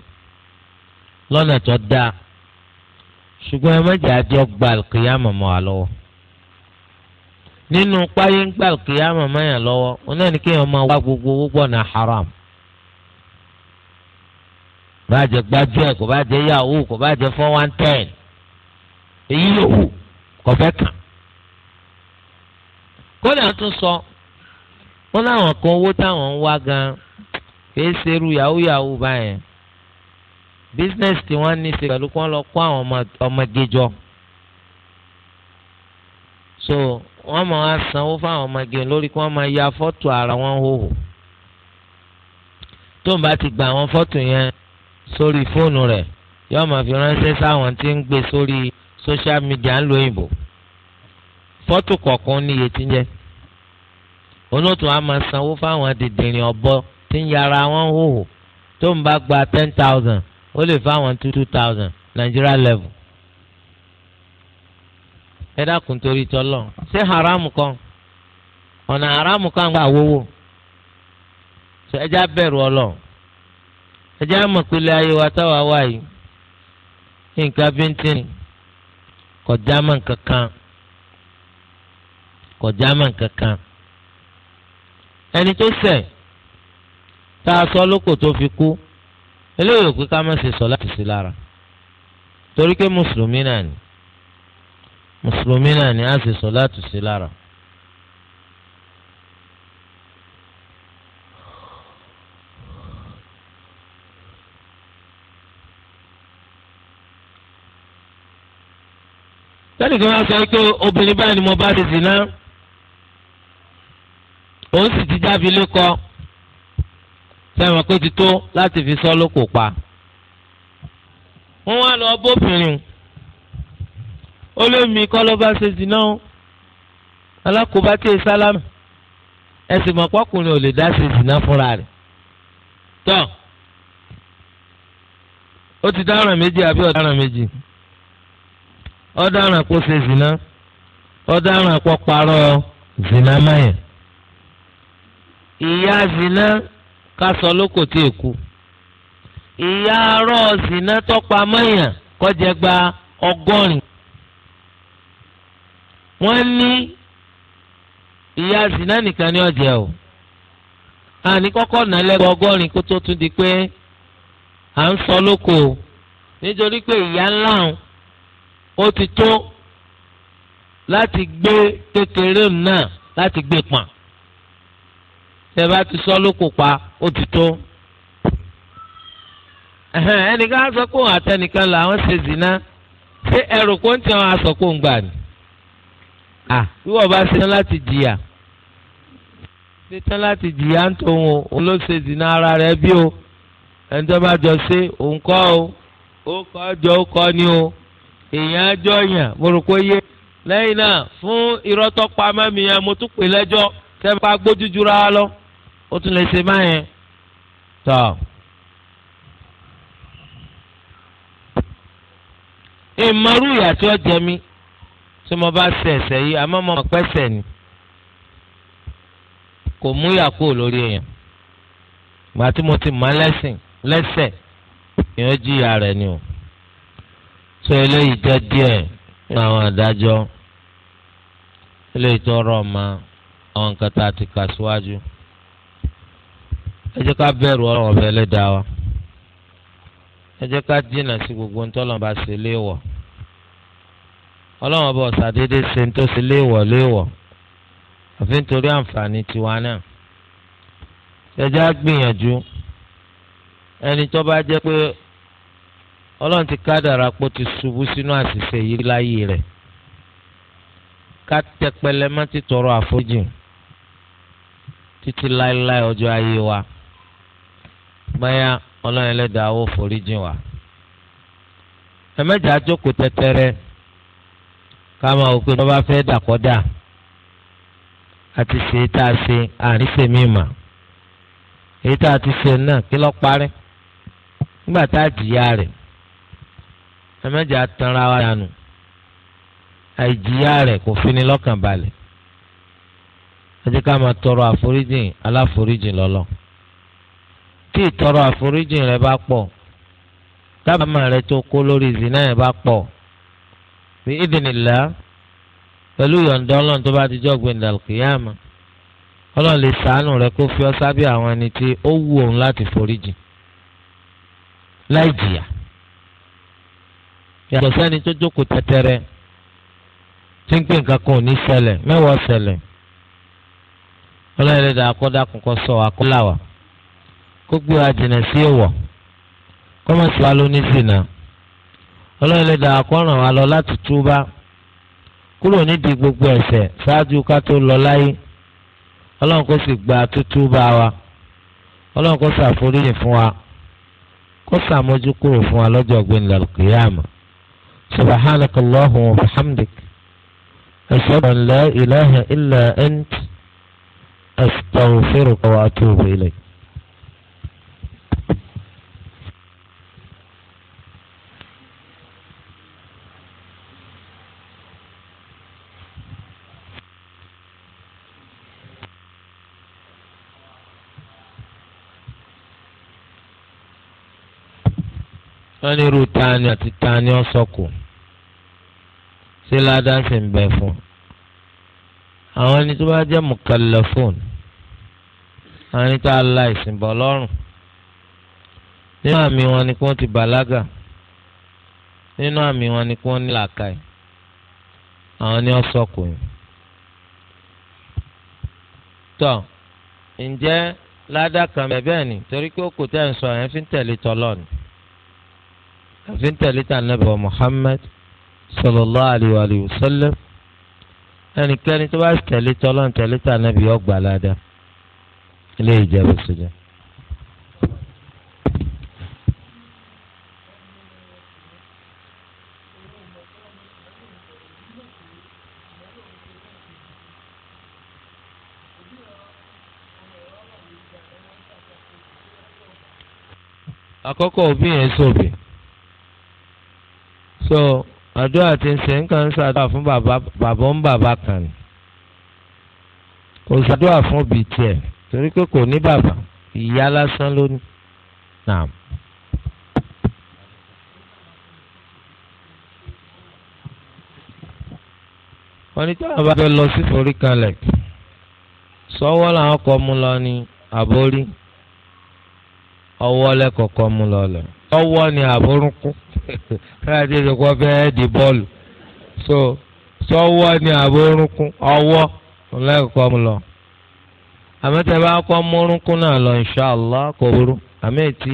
tó dáa ṣùgbọ́n ẹ mọ̀jà àti ọgbà wa nínú páyé yẹn oní ẹni máa na haram bá jẹ gbájúẹ̀ kò yahoo kò bá four one ten èyí yòówù kò fẹ́ kàn tún sọ wọn owó táwọn ń wá kìí ṣerú yahoo yahoo báyẹn business tí wọ́n ní ṣe pẹ̀lú kí wọ́n lọ kó àwọn ọmọge jọ so wọ́n máa wá sanwó fáwọn ọmọge lórí kí wọ́n máa ya fọ́tò ara wọn hòhò tó ń bá ti gba àwọn fọ́tò yẹn sórí fóònù rẹ̀ yóò máa fi ránṣẹ́ sáwọn tí ń gbé sórí social media ń lo òyìnbó fọ́tò kọ̀ọ̀kan ní iye tí ń jẹ́ onótùú á máa sanwó fáwọn dìndìnrín ọ̀bọ tí ń yára wọn hòhò tó ń bá gba ten thousand ó lè fáwọn two two thousand Nigeria level. ẹ dákun torí tọ́lọ̀ ṣé haramu kan ọ̀nà haramu kan gba àwòwò ṣe ẹja bẹ̀rù ọlọ ẹja mọ̀ pé ilé ayé wa táwa wà yìí nǹkan bíntín ni kọjá mọ̀ nǹkan kọjá mọ̀ nǹkan ẹni tó ṣẹ̀ tá a sọ lóko tó fi kú eléyìí ò pé ká má ṣe sọ láti sí lára torí pé mùsùlùmí náà ni mùsùlùmí náà ni a ṣe sọ láti sí lára. lẹ́nu kan wá sọ pé obìnrin báyìí ni mo bá ti sìn náà òun sì ti jábí lé sẹ́wọ̀n kó ti tó láti fi sọ́ lóko pa. wọ́n wá lọ bóbìnrin ó lé mi kọ́ ló bá ṣe dìná o alákòóbá tí ì sálámù ẹ̀sìn mọ̀pọ́kùnrin ò lè dá ṣe dìná fúnra rẹ̀ tọ́ ó ti dáràn méjì àbí ọ̀daràn méjì ọ̀daràn kó ṣe dìná ọ̀daràn kó parọ́ zina mayẹ̀ ìyá zina kásán ló kò tí ì kú ìyá arọ́ ṣìnà tọ́pa mọ́yàn kọjá gba ọgọ́rin wọ́n ní ìyá ṣìnà nìkan ní ọ̀jẹ̀ o àní kọ́kọ́ nà lẹ́gbẹ̀ẹ́ ọgọ́rin kó tó tún di pé à ń sọ lóko o nítorí pé ìyá ńlá ó ti tó láti gbé kékeré náà láti gbé pọ̀n tẹ́bá ti sọ lóko pa ó ti tó. ẹnìkan sọ pé òun àtẹnìkan làwọn ṣe zina ṣé ẹrù kó ń tẹ wọn aṣọ kó ń gbà ni. wíwọ́ bá ṣe tán láti jìyà ṣe tán láti jìyà ń tó wọn òun ló ṣe zina ara rẹ̀ bí o ẹni tó bá jọ ṣe òun kọ́ o ó kọ́ jọ ó kọ́ ni o èèyàn á jọ yàn mo rò pé yé lẹ́yìn náà fún irọ́ tó pa mẹ́mi yẹn mo tún pè lẹ́jọ́ sẹ́mi pa lọ ó tún lè ṣe báyẹn tọ. ìmọ̀rú ìyà tí ó jẹ mí tí mo bá ṣe ẹ̀ṣẹ̀ yìí àmọ́ mo mọ̀ pẹ́sẹ̀ ni kò mú ìyà kúrò lórí èèyàn gbà tí mo ti mọ̀ lẹ́sìn lẹ́sẹ̀ èèyàn jìyà rẹ̀ ni o tó eléyìí jẹ́ díẹ̀ nínú àwọn àdájọ́ eléyìí tó rọ̀ mọ́ àwọn nǹkan tá a ti kà síwájú. Si ẹ jẹ́ ká bẹ̀rù ọlọ́run ọbẹ̀ ẹlẹ́dàá wa ẹ jẹ́ ká dínà sí gbogbo ohun tọ́lọ́run bá ṣe léèwọ̀ ọlọ́run ọba ọ̀sàdédé ṣe ń tó ṣe léèwọ̀ léèwọ̀ àfi nítorí àǹfààní tiwa náà ẹ jẹ́ á gbìyànjú ẹni tó bá jẹ́ pé ọlọ́run ti kádàrá pé ti ṣubú sínú àṣìṣe yìí láyé rẹ̀ ká tẹpẹlẹ mọ́ títọrọ àforíjì títí láéláé ọjọ́ ayé wa. bẹ́ẹ̀ ọlọ́run ẹlẹ́dàá ó forí jìn wá. ẹ̀mẹ́jà jókòó tẹ́tẹ́rẹ́ ká máa wò pé tó fẹ́ dàkọ́dà àti ṣe tá a ṣe àárín sèmi mà èyí tá a ti ṣe náà kí lọ́ọ́ parí nígbà tá a jìyà rẹ̀ fi ni lọ́kàn balẹ̀ ká máa tọrọ àforíjìn aláforíjìn tí ìtọrọ àforíjìn rẹ bá pọ̀ dábàámà rẹ tó kó lórí zina yẹn bá pọ̀ bí ìdìnnìlá pẹ̀lú yọ̀ǹda ọlọ́run tó bá ti jọ́ gbẹ̀ǹdà kìyàmà ọlọ́run lè sàánù rẹ kó fi ọ́ sábẹ́ àwọn ẹni tí ó wù òun láti foríjìn láì jìyà yàtọ̀ sẹ́ni tó jókòó tẹ́tẹ́rẹ́ tí ń pè nǹkan kan ò ní ṣẹlẹ̀ mẹ́wàá ṣẹlẹ̀ ọlọ́run lè akọ́dà kọ̀ọ̀kan sọ àkọ́láwàá kó gbé wa jìnnà sí ìwọ̀ kọ́mọ̀sí wa ló ní sìnà ọlọ́run lè dà kó ràn wá lọ láti túbá kúrò nídìí gbogbo ẹ̀ṣẹ̀ ṣáájú ká tó lọ láyé ọlọ́run kó sì gba tútúbá wa ọlọ́run kó ṣàforíyìn fún wa kó ṣàmójú kúrò fún wa lọ́jọ́ ọ̀gbìn lọ́kìyàmù subhanakallahumma wa bihamdik ashhadu an la ilaha illa ant astaghfiruka wa atubu wọ́n ní irú tani àti tani ọ̀sọ́kù ṣé ládàá sì ń bẹ fún àwọn ẹni tó bá jẹ́ mùkàlẹ́fọ́n àwọn ẹni tó aláìsìn bọ̀ lọ́rùn nínú àmì wọn ni kí wọ́n ti bàlágà nínú àmì wọn ni kí wọ́n ní làákàyè àwọn ni ọ̀sọ́kù yìí tọ́ ǹjẹ́ ládàá kan bẹ́ẹ̀ ni torí pé ó kò tẹ̀ ń sọ yẹn fi tẹ̀lé tọ́lọ́ ni àfi ń tẹ̀lé tà nàbẹ̀ wa Muhammad sallallahu alayhi wa alihi wa sallam ẹnikẹ́ni tó bá tẹ̀lé tọ́lọ́n tẹ̀lé tà nàbẹ̀ yọ gbà ládàá ilé ìjẹ́bù sílẹ̀. àkọ́kọ́ òbí yẹn sóbì so àdúrà ti ń ṣe nǹkan ń ṣàdúrà fún bàbá bàbá ń bàbá kan ni kò ṣàdúrà fún òbí tiẹ̀ torí pé kò ní bàbá ìyá lásán ló ní. wọ́n ní táwọn bá fẹ́ lọ sí foríkalẹ̀ sọ́wọ́ làwọn kọ́ mú lọ ní àbórí ọwọ́ lẹ́kọ̀ọ́ kọ́ mú lọ lẹ́yìn. ọwọ́ ni àbúrúkú láti ṣe kó fẹ́ di bọ́ọ̀lù so sọ́wọ́ ni àbúrúkú ọwọ́ ọlẹ́kọ̀ọ́ mi lọ. náà lọ kò burú àmì lọ́wọ́ wọ́n ní lọ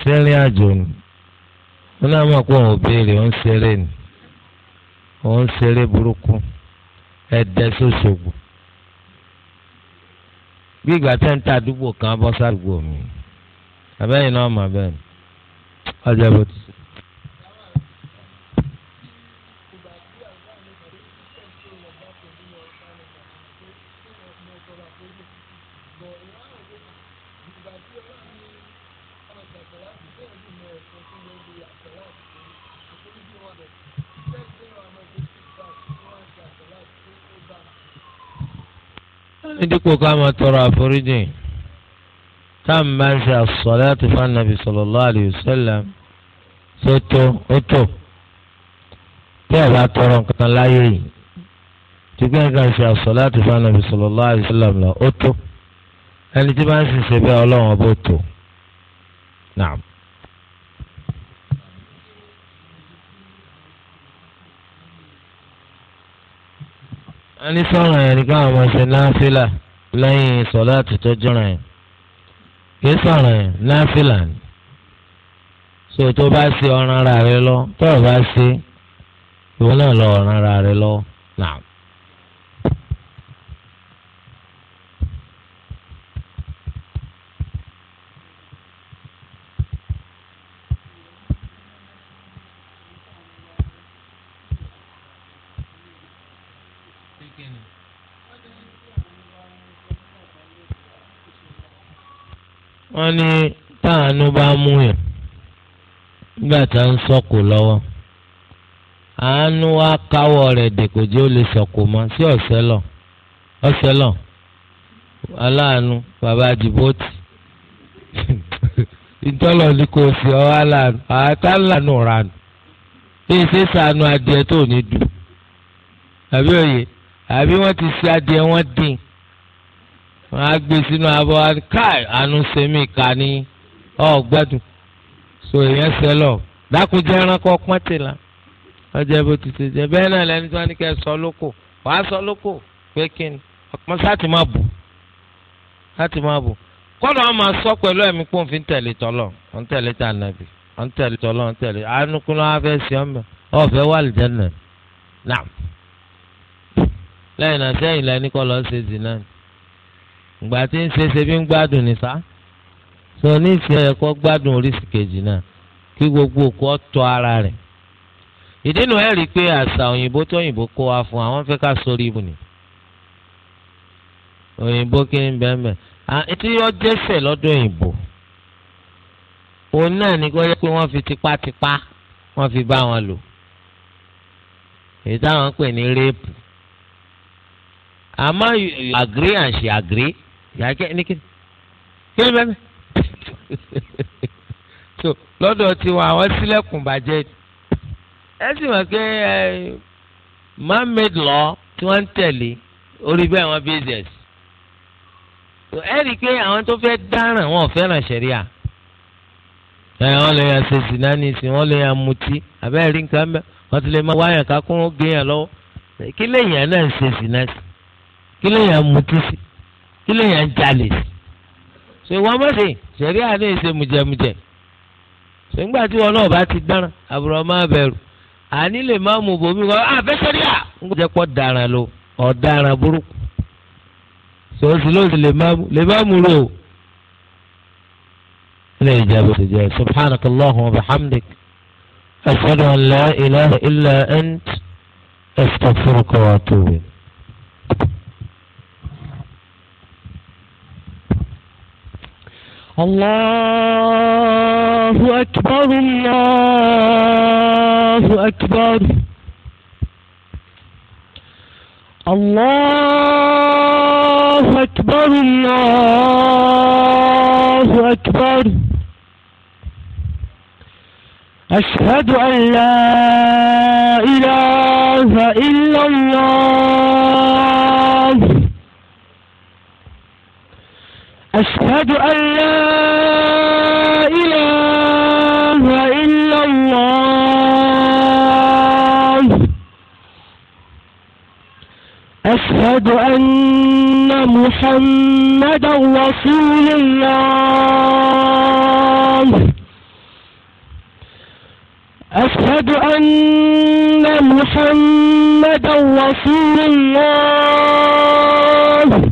sẹ́rìn àjò ni wọ́n náà mọ̀ pé òun ò ṣeré ni. òun ṣeré burúkú ẹ̀dẹ́ sọ́sọ́gbò bí ìgbà tẹ́ ń ta àdúgbò kan bọ́ sádùúgbò mi àbẹ́yìn náà mà bẹ́ẹ̀ ni ọjọ́ bó ti sọ. dípò ká máa tọrọ àforíjì táwọn bá ń ṣe àsọ̀lẹ́ tó fún anabi sallallahu alayhi wa sallam ṣe tó ó tó tí ẹ bá tọrọ nǹkan láyé yìí tí kí ẹ kàn ṣe àsọ̀lẹ́ tó fún anabi sallallahu alayhi ó tó ẹni tí bá ń ṣiṣẹ́ bẹ́ẹ̀ ọlọ́run ọba ó tó. Ani ní sọ̀rọ̀ yẹn ni káwọn máa ṣe náfìlà lẹ́yìn sọ̀láàtì tó jọ̀rọ̀ yẹn kì í ni so tó bá ṣe ọ̀ràn ara rẹ lọ tó o bá ṣe ìwọ náà lọ ọ̀ràn ara rẹ lọ náà. wọ́n ní táànù bá mú yàn nígbà tá à ń sọ̀kò lọ́wọ́ àánú wa káwọ́ rẹ̀ dèkòjé ó lè sọ̀kò mọ́ sí ọ̀sẹ́lọ̀ ọ̀sẹ́lọ̀ aláàánú bàbá jìbọ́tì ìtọ́lọ̀ ní kò sí ọ aláàánú àtàlánú rànú bí ṣe sànú adìẹ tó ní dùn àbí òye àbí wọ́n ti ṣe adìẹ wọ́n dín wọn á gbé sínú abọ́ káì àánú sẹ́mi ká ní ọ̀gbẹ́dùn so èèyàn sẹ́lọ̀ dákúnjẹ́ ẹranko pọ́ńtìlá ọjọ́ bó ti ṣe jẹ́ bẹ́ẹ̀ náà lẹ́ni tí wọ́n ní kẹ́ sọ lóko wàá sọ lóko pé kí ni ọ̀pọ̀ sáàtì máa bù láti máa bù kọ́nà á máa sọ pẹ̀lú ẹ̀mí pò ń fi tẹ̀lé tọ́lọ̀ ń tẹ̀lé tà nàbì ń tẹ̀lé tọ́lọ̀ ń tẹ̀lé àánúkúnlá á sí ọmọ ọ̀fẹ́ wà lìjẹ́ nà lẹ́yìn náà sẹ́yìn lẹ́ni kọ́ lọ́ọ́ ṣe zì náà ìgbà tí ń ṣe ṣe bí ń gbádùn ní sá sọ ní ìsìn ẹ̀ kọ́ gbádùn oríṣi kejì náà kí gbogbo òkú ọ̀tọ̀ ara rẹ̀ ìdí nu ẹ̀ rí i pé àṣà òyìnbó tó òyìnbó kó wa fún àwọn fẹ́ ká sórí ibù ni òyìnbó kí ń bẹ́ẹ̀ mẹ́ àti ọjẹ́sẹ̀ lọ́dọ̀ òyìnbó òun náà ní kó yẹ pé wọ́n fi tipátipá wọ́n fi bá wọn lò èyí táwọn ń pè ní réèpù àmọ́ you agree and agree yàrá kẹ ní kíni kíni bẹ́ẹ̀ so lọ́dọ̀ tiwọn àwọn sílẹ̀kùn bàjẹ́ ẹ sì mọ̀ pé man-made law tí wọ́n ń tẹ̀lé orí bẹ́ẹ̀ wọ́n business so ẹ rí i pé àwọn tó fẹ́ dáràn wọn ò fẹ́ràn ṣẹ̀ríà ẹ wọ́n lè ya ṣe sìnà ní ìsìn wọ́n lè ya mutí àbẹ́rẹ́ rí nǹkan mẹ́ wọ́n ti lè máa wáyà ká kún gé yàn lọ́wọ́ kí lèèyàn náà ṣe sìnà sí kí lèèyàn mutí sí kí lèèyàn ń jalè ṣe wọ́n mọ̀ sí ṣẹ̀rí àná èsè mùjẹ̀mùjẹ̀ ṣe ń gbà tí wọn náà bá ti dáràn àbúrò máa bẹ̀rù àní lè má mú bòmí wọn àfẹsẹ̀rí ah, à ń jẹ́ pọ̀ dáràn lo ọ̀daràn burúkú sọ́ọ́sì lóòsì lè má mú lò ó. ilé ìjàmbá ti jẹ́ subhanakallahumma wa bihamdik ashhadu an la ilaha illa ant astaghfiruka wa الله أكبر الله أكبر الله أكبر الله أكبر أشهد أن لا إله إلا الله أشهد أن لا إله إلا الله أشهد أن محمدا رسول الله أشهد أن محمدا رسول الله